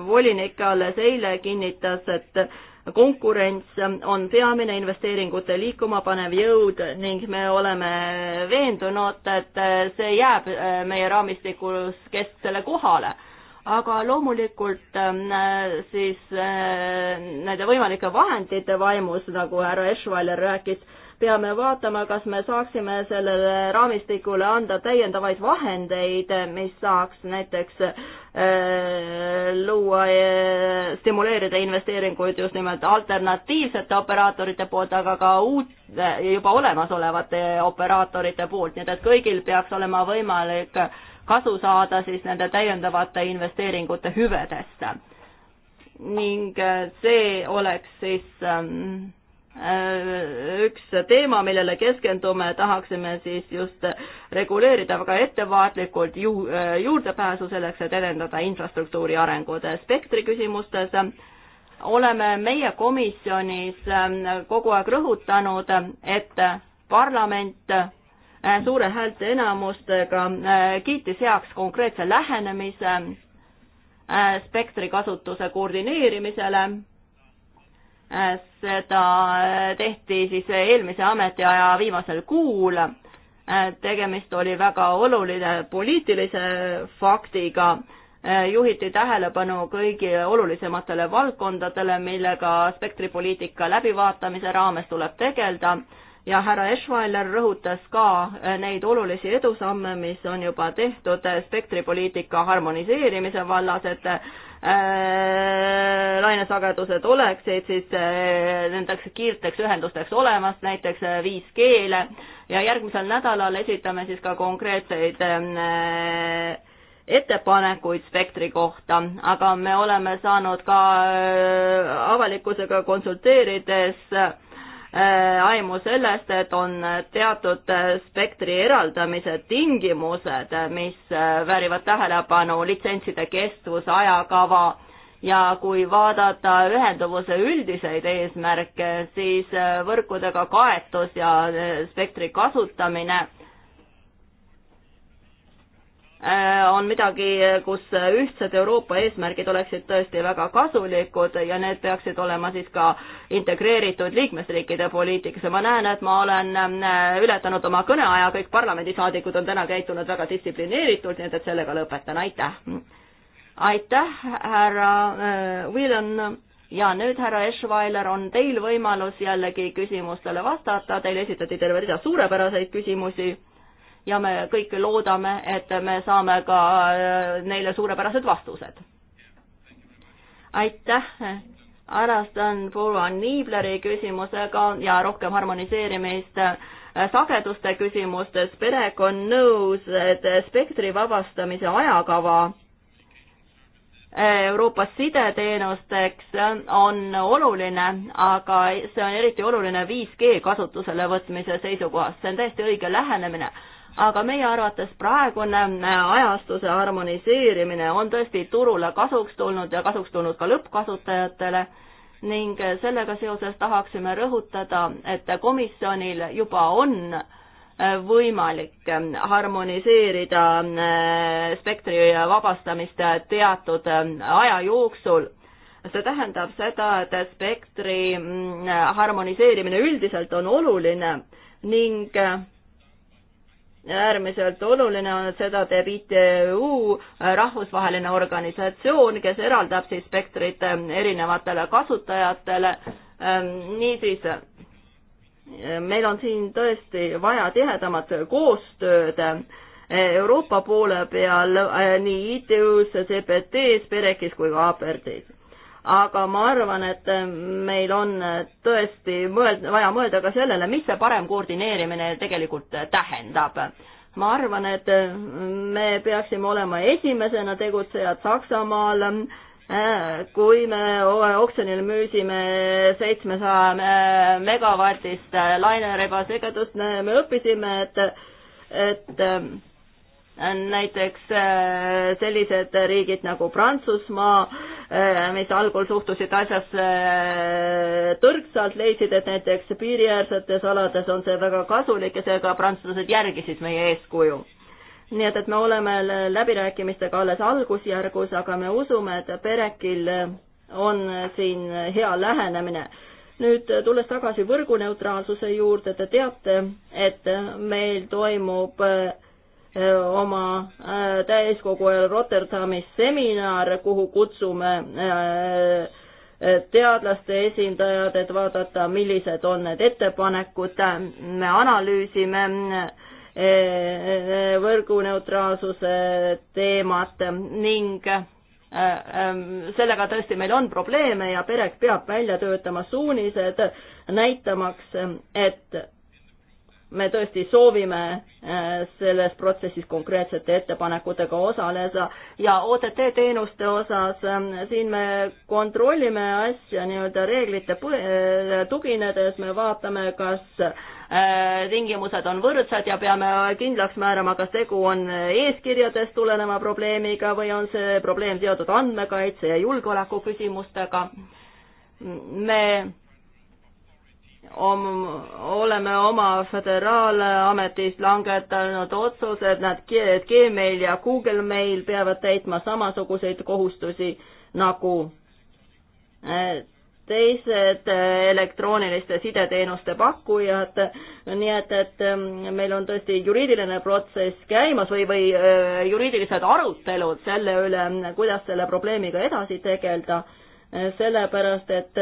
volinik alles eile kinnitas, et konkurents on peamine investeeringute liikuma panev jõud ning me oleme veendunud, et see jääb äh, meie raamistikus kesksele kohale aga loomulikult äh, siis äh, nende võimalike vahendite vaimus, nagu härra Eschweiler rääkis, peame vaatama, kas me saaksime sellele raamistikule anda täiendavaid vahendeid, mis saaks näiteks äh, luua, äh, stimuleerida investeeringuid just nimelt alternatiivsete operaatorite poolt, aga ka uut, äh, juba olemasolevate operaatorite poolt, nii et, et kõigil peaks olema võimalik kasu saada siis nende täiendavate investeeringute hüvedest. ning see oleks siis ähm, Äh, üks teema, millele keskendume, tahaksime siis just reguleerida väga ettevaatlikult ju-, äh, juurdepääsu selleks, et edendada infrastruktuuri arengut. spektri küsimustes oleme meie komisjonis äh, kogu aeg rõhutanud, et parlament suure häälte enamustega kiitis heaks konkreetse lähenemise spektri kasutuse koordineerimisele Äh, seda äh, tehti siis eelmise ametiaja viimasel kuul. Äh, tegemist oli väga oluline poliitilise faktiga juhiti tähelepanu kõigi olulisematele valdkondadele, millega spektripoliitika läbivaatamise raames tuleb tegeleda ja härra Eschweiler rõhutas ka neid olulisi edusamme, mis on juba tehtud spektripoliitika harmoniseerimise vallas, et Äh, lainesagedused oleksid siis äh, nendeks kiirteks ühendusteks olemas, näiteks 5G-le äh, ja järgmisel nädalal esitame siis ka konkreetseid ettepanekuid spektri kohta, aga me oleme saanud ka avalikkusega konsulteerides Äh, aimu sellest, et on teatud äh, spektri eraldamise tingimused, äh, mis väärivad tähelepanu litsentside kestvuse ajakava ja kui vaadata ühenduvuse üldiseid eesmärke, siis võrkudega kaetus ja spektri kasutamine Äh, on midagi, kus ühtsed Euroopa eesmärgid oleksid tõesti väga kasulikud ja need peaksid olema siis ka integreeritud liikmesriikide poliitikasse. ma näen, et ma olen äh, ületanud oma kõneaja, kõik parlamendisaadikud on täna käitunud väga distsiplineeritult, nii et, et sellega lõpetan, aitäh. aitäh, härra Villon äh, ja nüüd, härra Eschweiler, on teil võimalus jällegi küsimustele vastata, teile esitati terve rida suurepäraseid küsimusi ja me kõik loodame, et me saame ka äh, neile suurepärased vastused. aitäh, arvestan Paula Niibleri küsimusega ja rohkem harmoniseerimist äh, sageduste küsimustes. perek on nõus, et spektri vabastamise ajakava äh, Euroopas sideteenusteks on oluline, aga see on eriti oluline 5G kasutusele võtmise seisukohast, see on täiesti õige lähenemine aga meie arvates praegune äh, ajastuse harmoniseerimine on tõesti turule kasuks tulnud ja kasuks tulnud ka lõppkasutajatele ning äh, sellega seoses tahaksime rõhutada, et komisjonil juba on äh, võimalik harmoniseerida spektri vabastamist teatud aja jooksul see tähendab seda, et spektri mm, harmoniseerimine üldiselt on oluline ning äärmiselt oluline on, et seda teeb ITÜ, rahvusvaheline organisatsioon, kes eraldab siis spektrit ähm, erinevatele kasutajatele. Ähm, niisiis, äh, meil on siin tõesti vaja tihedamat koostööd äh, Euroopa poole peal äh, nii ITÜ-s, CPT-s, PEREC-is kui ka APRD-s aga ma arvan, et eh, meil on eh, tõesti mõeld-, vaja mõelda ka sellele, mis see parem koordineerimine tegelikult eh, tähendab. ma arvan, et me peaksime olema esimesena tegutsejad Saksamaal, kui me oksjonil müüsime seitsmesaja megavatist lainerebasegadust, me õppisime, et et näiteks äh, sellised riigid nagu Prantsusmaa, äh, mis algul suhtusid asjasse äh, tõrksalt, leidsid, et näiteks piiriäärsetes alades on see väga kasulik ja seega prantslased järgisid meie eeskuju. nii et, et me oleme läbirääkimistega alles algusjärgus, aga me usume, et Perekil on siin hea lähenemine nüüd tulles tagasi võrguneutraalsuse juurde, te teate, et meil toimub äh, oma täiskogu ajal Rotterdamis seminar, kuhu kutsume teadlaste esindajad, et vaadata, millised on need ettepanekud, me analüüsime võrguneutraalsuse teemat ning sellega tõesti meil on probleeme ja PEREK peab välja töötama suunised, näitamaks, et me tõesti soovime äh, selles protsessis konkreetsete ettepanekutega osaleda ja OTT teenuste osas ähm, siin me kontrollime asja nii-öelda reeglite äh, tuginedes, me vaatame, kas äh, tingimused on võrdsed ja peame kindlaks määrama, kas tegu on eeskirjadest tuleneva probleemiga või on see probleem seotud andmekaitse ja julgeoleku küsimustega. me oleme oma föderaalametist langetanud otsused, nad, et Gmail ja Google Mail peavad täitma samasuguseid kohustusi nagu äh, teised äh, elektrooniliste sideteenuste pakkujad, nii et, et ähm, meil on tõesti juriidiline protsess käimas või, või äh, juriidilised arutelud selle üle, kuidas selle probleemiga edasi tegeleda, sellepärast et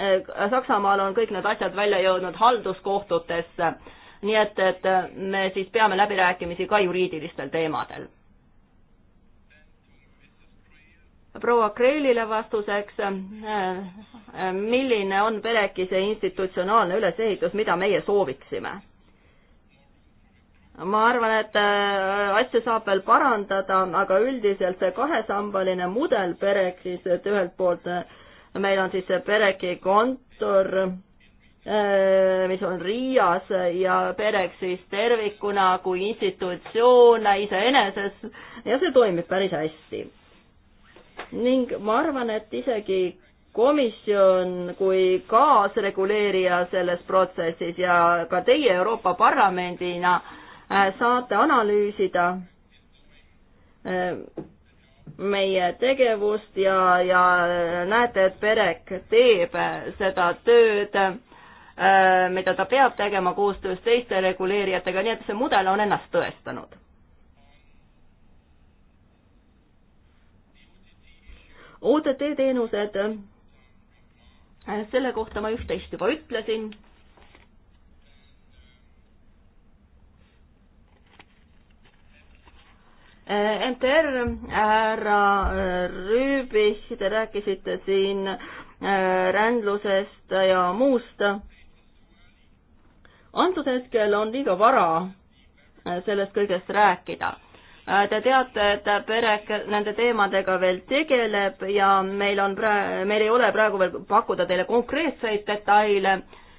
Äh, Saksamaal on kõik need asjad välja jõudnud halduskohtutesse, nii et, et me siis peame läbirääkimisi ka juriidilistel teemadel. proua Kreelile vastuseks, äh, milline on Pereki see institutsionaalne ülesehitus, mida meie sooviksime? ma arvan, et äh, asja saab veel parandada, aga üldiselt see kahesambaline mudel Perekis, et ühelt poolt äh, meil on siis Pereki kontor, äh, mis on Riias ja Perek siis tervikuna kui institutsioon iseeneses ja see toimib päris hästi. ning ma arvan, et isegi komisjon kui kaasreguleerija selles protsessis ja ka teie Euroopa Parlamendina äh, saate analüüsida äh, meie tegevust ja, ja näete, et Perek teeb seda tööd, äh, mida ta peab tegema koostöös teiste reguleerijatega, nii et see mudel on ennast tõestanud. OTT teenused, äh, selle kohta ma üht-teist juba ütlesin Eh, NTR, härra eh, Rüübis, te rääkisite siin eh, rändlusest ja muust. antud hetkel on liiga vara sellest kõigest rääkida. Te teate, et perek nende teemadega veel tegeleb ja meil on praegu, meil ei ole praegu veel pakkuda teile konkreetseid detaile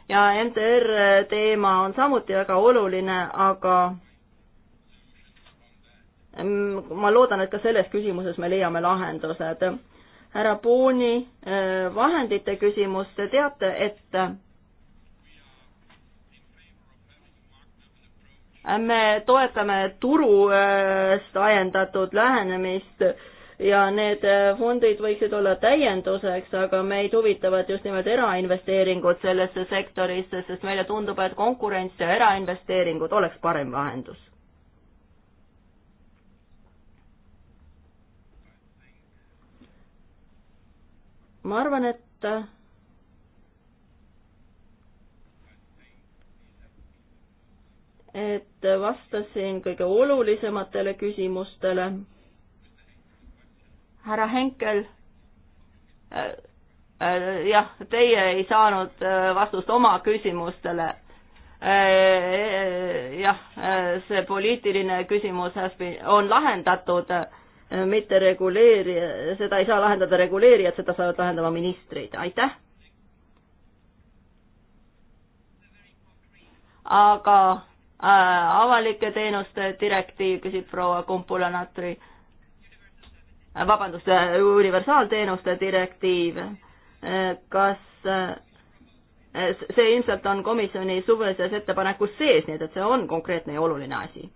ja MTR teema on samuti väga oluline, aga Mm, ma loodan, et ka selles küsimuses me leiame lahendused. härra Pooni äh, vahendite küsimus, te teate, et äh, me toetame turust äh, ajendatud lähenemist ja need fondid võiksid olla täienduseks, aga meid huvitavad just nimelt erainvesteeringud sellesse sektorisse, sest meile tundub, et konkurents ja erainvesteeringud oleks parem lahendus ma arvan, et et vastasin kõige olulisematele küsimustele. härra Henkel äh,, äh, jah, teie ei saanud äh, vastust oma küsimustele äh,. äh jah, äh, see poliitiline küsimus on lahendatud mitte reguleerija, seda ei saa lahendada reguleerijad, seda saavad lahendama ministrid, aitäh. aga äh, avalike teenuste direktiiv, küsib proua Kumpula-Natri äh,, vabandust äh,, universaalteenuste direktiiv äh,, kas äh, see ilmselt on komisjoni suveses ettepanekus sees, nii et, et see on konkreetne ja oluline asi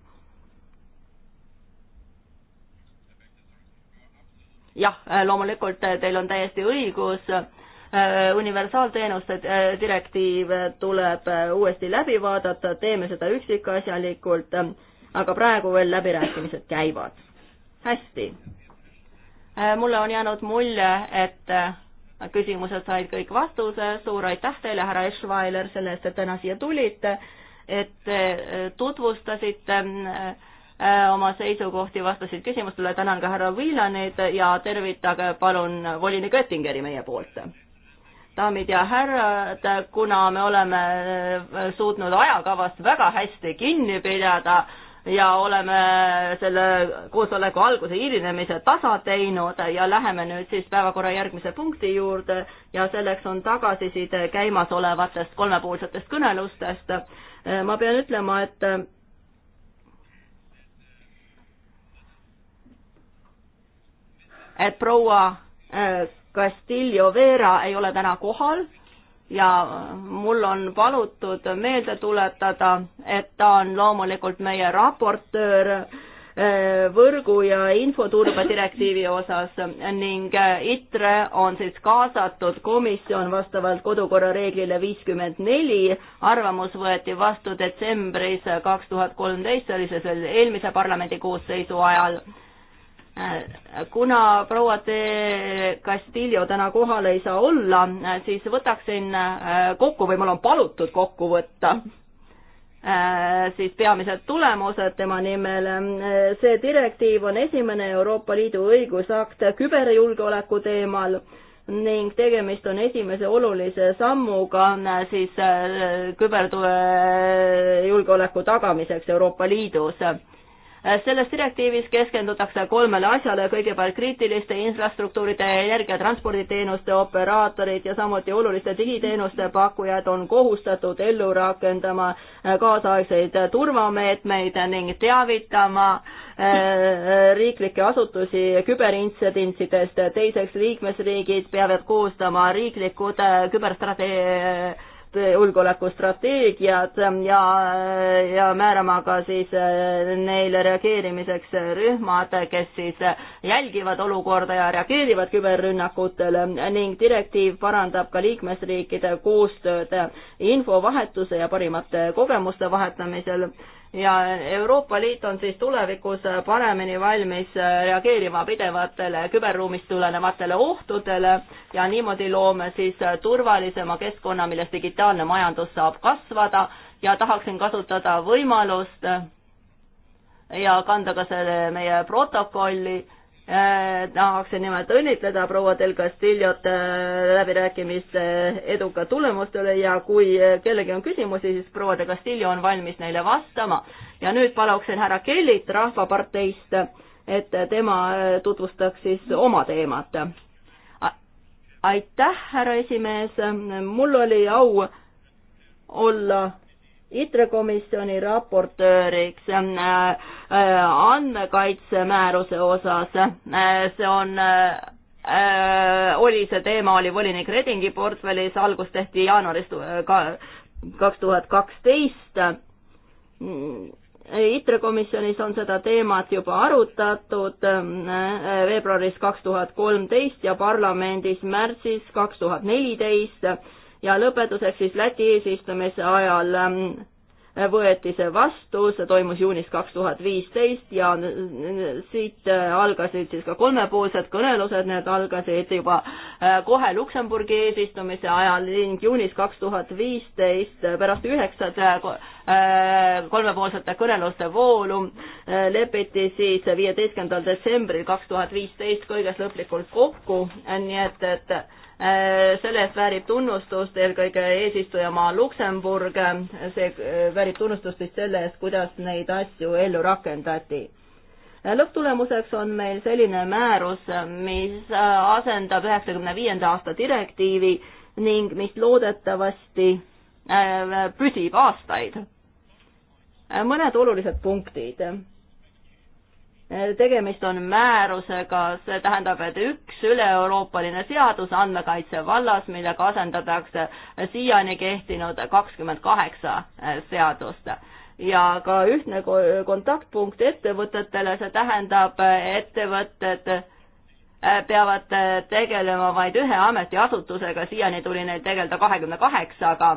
jah, loomulikult eh, teil on täiesti õigus, eh, universaalteenuste eh, direktiiv tuleb uuesti läbi vaadata, teeme seda üksikasjalikult, aga praegu veel läbirääkimised käivad. hästi. mulle on jäänud mulje, et küsimused said kõik vastuse, suur aitäh teile, härra Eschweiler, selle eest, et täna siia tulite, et tutvustasite Äh, oma seisukohti, vastasid küsimustele, tänan ka härra Viilanit ja tervitage palun volinik Oettingeri meie poolt. daamid ja härrad, kuna me oleme äh, suutnud ajakavast väga hästi kinni pidada, ja oleme selle koosoleku alguse hilinemise tasa teinud ja läheme nüüd siis päevakorra järgmise punkti juurde ja selleks on tagasiside käimasolevatest kolmepoolsetest kõnelustest. Äh, ma pean ütlema, et et proua äh, Castillo Vera ei ole täna kohal ja äh, mul on palutud meelde tuletada, et ta on loomulikult meie raportöör äh, võrgu- ja infoturbe direktiivi osas ning ITRE on siis kaasatud komisjon vastavalt kodukorra reeglile viiskümmend neli. arvamus võeti vastu detsembris kaks tuhat kolmteist, see oli siis eelmise parlamendi koosseisu ajal Äh, kuna proua de Castillo täna kohal ei saa olla, äh, siis võtaksin äh, kokku või mul on palutud kokku võtta siis peamised tulemused tema nimel. see direktiiv on esimene Euroopa Liidu õigusakt küberjulgeoleku teemal ning tegemist on esimese olulise sammuga siis küberjulgeoleku tagamiseks Euroopa Liidus Äh, selles direktiivis keskendutakse kolmele asjale, kõigepealt kriitiliste infrastruktuuride energia transporditeenuste operaatorid ja samuti oluliste digiteenuste pakkujad on kohustatud ellu rakendama äh, kaasaegseid turvameetmeid ning teavitama äh, riiklikke asutusi küberintsidentsidest, teiseks liikmesriigid peavad koostama riiklikud küberstrate-, Eh, julgeolekustrateegiad eh, ja, eh, ja määrama ka siis neile reageerimiseks rühmad, kes siis jälgivad olukorda ja reageerivad küberrünnakutele ning direktiiv parandab ka liikmesriikide koostööd infovahetuse ja parimate kogemuste vahetamisel ja Euroopa Liit on siis tulevikus paremini valmis reageerima pidevatele küberruumist tulenevatele ohtudele ja niimoodi loome siis turvalisema keskkonna, milles digitaalne majandus saab kasvada ja tahaksin kasutada võimalust ja kanda ka selle meie protokolli Äh, tahaksin nimelt õnnitleda proua Del Castillot äh, läbirääkimiste eduka tulemuste üle ja kui äh, kellelgi on küsimusi, siis proua Del Castillo on valmis neile vastama. ja nüüd paluksin härra Kellit Rahvaparteist, et tema tutvustaks siis oma teemat. aitäh, härra esimees, mul oli au olla ITRE komisjoni raportööriks äh, äh, andmekaitsemääruse osas, äh, see on oli see teema, oli volinik Redingi portfellis, algus tehti jaanuaris kaks tuhat kaksteist. ITRE komisjonis on seda teemat juba arutatud veebruaris kaks tuhat kolmteist ja parlamendis märtsis kaks tuhat neliteist ja lõpetuseks siis Läti eesistumise ajal ähm, võeti see vastu, see toimus juunis kaks tuhat viisteist ja siit äh, algasid siis ka kolmepoolsed kõnelused, need algasid juba äh, kohe Luksemburgi eesistumise ajal ning juunis kaks tuhat viisteist äh, pärast üheksat kolmepoolsete kõneluste voolu lepiti siis viieteistkümnendal detsembril kaks tuhat viisteist kõiges lõplikult kokku, nii et, et Äh, selle eest väärib tunnustust eelkõige eesistujamaa Luksemburg, see äh, väärib tunnustust vist selle eest, kuidas neid asju ellu rakendati. Äh, lõpptulemuseks on meil selline määrus, mis asendab üheksakümne viienda aasta direktiivi ning mis loodetavasti püsib aastaid. mõned olulised punktid Äh, tegemist on määrusega, see tähendab, et üks üle-euroopaline seadus andmekaitse vallas, millega asendatakse siiani kehtinud kakskümmend kaheksa äh, seadust. ja ka ühtne kontaktpunkt ettevõtetele, see tähendab, äh, ettevõtted peavad tegelema vaid ühe ametiasutusega, siiani tuli neil tegeleda kahekümne kaheksaga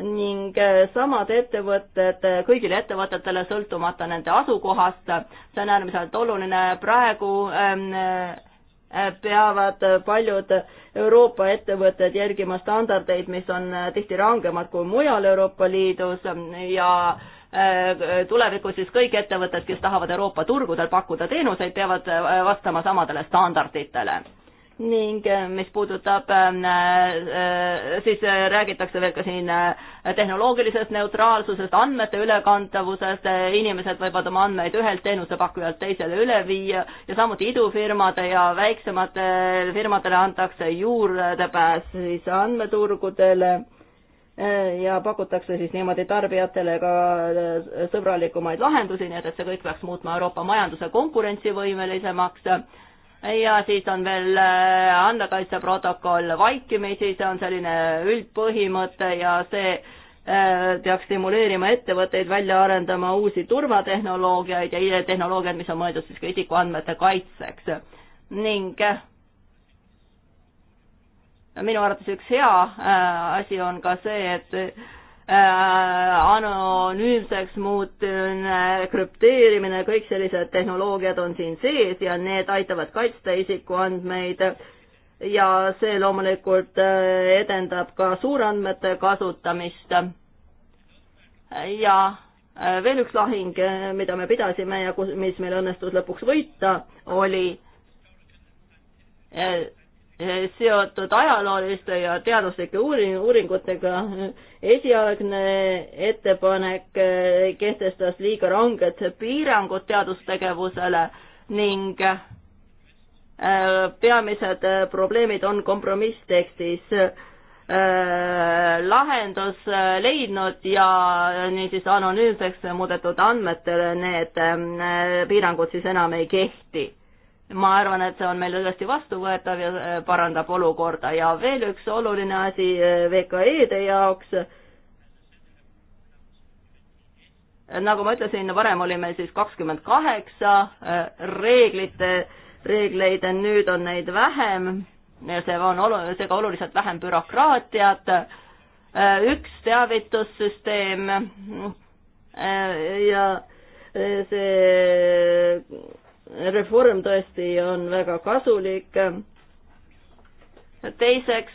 ning äh, samad ettevõtted äh, kõigile ettevõtetele, sõltumata nende asukohast. see on äärmiselt oluline. praegu ähm, äh, peavad paljud Euroopa ettevõtted järgima standardeid, mis on tihti rangemad kui mujal Euroopa Liidus ja tulevikus siis kõik ettevõtted, kes tahavad Euroopa turgudel pakkuda teenuseid, peavad vastama samadele standarditele ning äh, mis puudutab, ähm, äh, äh, siis räägitakse veel ka siin tehnoloogilisest neutraalsusest, andmete ülekantavusest, inimesed võivad oma andmeid ühelt teenusepakkujalt teisele üle viia ja samuti idufirmade ja väiksematele firmadele antakse juurdepääs siis andmeturgudele ja pakutakse siis niimoodi tarbijatele ka sõbralikumaid lahendusi, nii et, et see kõik peaks muutma Euroopa majanduse konkurentsivõimelisemaks ja siis on veel äh, andmekaitse protokoll vaikimisi, see on selline üldpõhimõte ja see äh, peaks stimuleerima ettevõtteid välja arendama uusi turvatehnoloogiaid ja tehnoloogiaid, mis on mõeldud siis ka isikuandmete kaitseks. ning äh, minu arvates üks hea asi on ka see, et Äh, anonüümseks muutumine, krüpteerimine, kõik sellised tehnoloogiad on siin sees ja need aitavad kaitsta isikuandmeid ja see loomulikult äh, edendab ka suurandmete kasutamist. ja äh, veel üks lahing, mida me pidasime ja kus, mis meil õnnestus lõpuks võita, oli seotud ajalooliste ja teaduslike uuring, uuringutega. esialgne ettepanek eh, kehtestas liiga ranged piirangud teadustegevusele ning eh, peamised eh, probleemid on kompromisstekstis lahendus leidnud ja niisiis anonüümseks muudetud andmetele need piirangud siis enam ei kehti ma arvan, et see on meil tõesti vastuvõetav ja äh, parandab olukorda ja veel üks oluline asi äh, VKE-de jaoks. nagu ma ütlesin, varem oli meil siis kakskümmend kaheksa äh, reeglite, reegleid, nüüd on neid vähem ja see on olu-, seega oluliselt vähem bürokraatiat, üks teavitussüsteem ja see reform tõesti on väga kasulik. teiseks,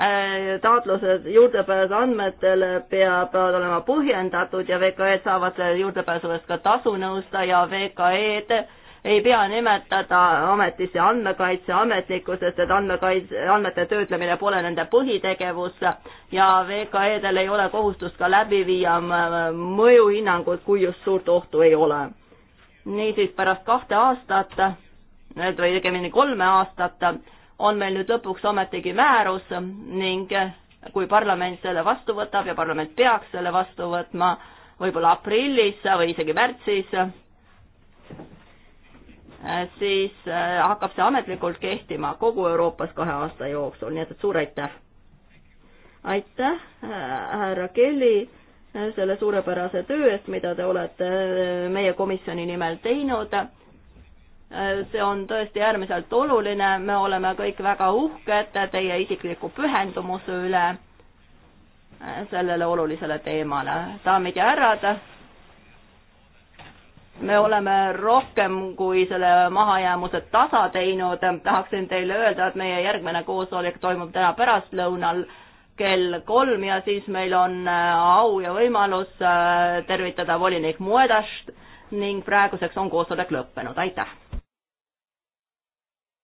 äh, taotlused juurdepääs andmetele peavad olema põhjendatud ja VKE-d saavad selle juurdepääsu eest ka tasu nõusta ja VKE-d ei pea nimetada ametisse andmekaitseametnikku, sest et andmekaitse, andmete töötlemine pole nende põhitegevus ja VKE-del ei ole kohustust ka läbi viia mõjuhinnangut, kui just suurt ohtu ei ole. niisiis pärast kahte aastat, või õigemini kolme aastat, on meil nüüd lõpuks ometigi määrus ning kui parlament selle vastu võtab ja parlament peaks selle vastu võtma võib-olla aprillis või isegi märtsis, Äh, siis äh, hakkab see ametlikult kehtima kogu Euroopas kahe aasta jooksul, nii et, et suur aitäh! aitäh, äh, härra Kelly, selle suurepärase töö eest, mida te olete meie komisjoni nimel teinud. see on tõesti äärmiselt oluline, me oleme kõik väga uhked teie isikliku pühendumuse üle sellele olulisele teemale. daamid ja härrad me oleme rohkem kui selle mahajäämuse tasa teinud. tahaksin teile öelda, et meie järgmine koosolek toimub täna pärastlõunal kell kolm ja siis meil on äh, au ja võimalus äh, tervitada volinik Moedast ning praeguseks on koosolek lõppenud, aitäh!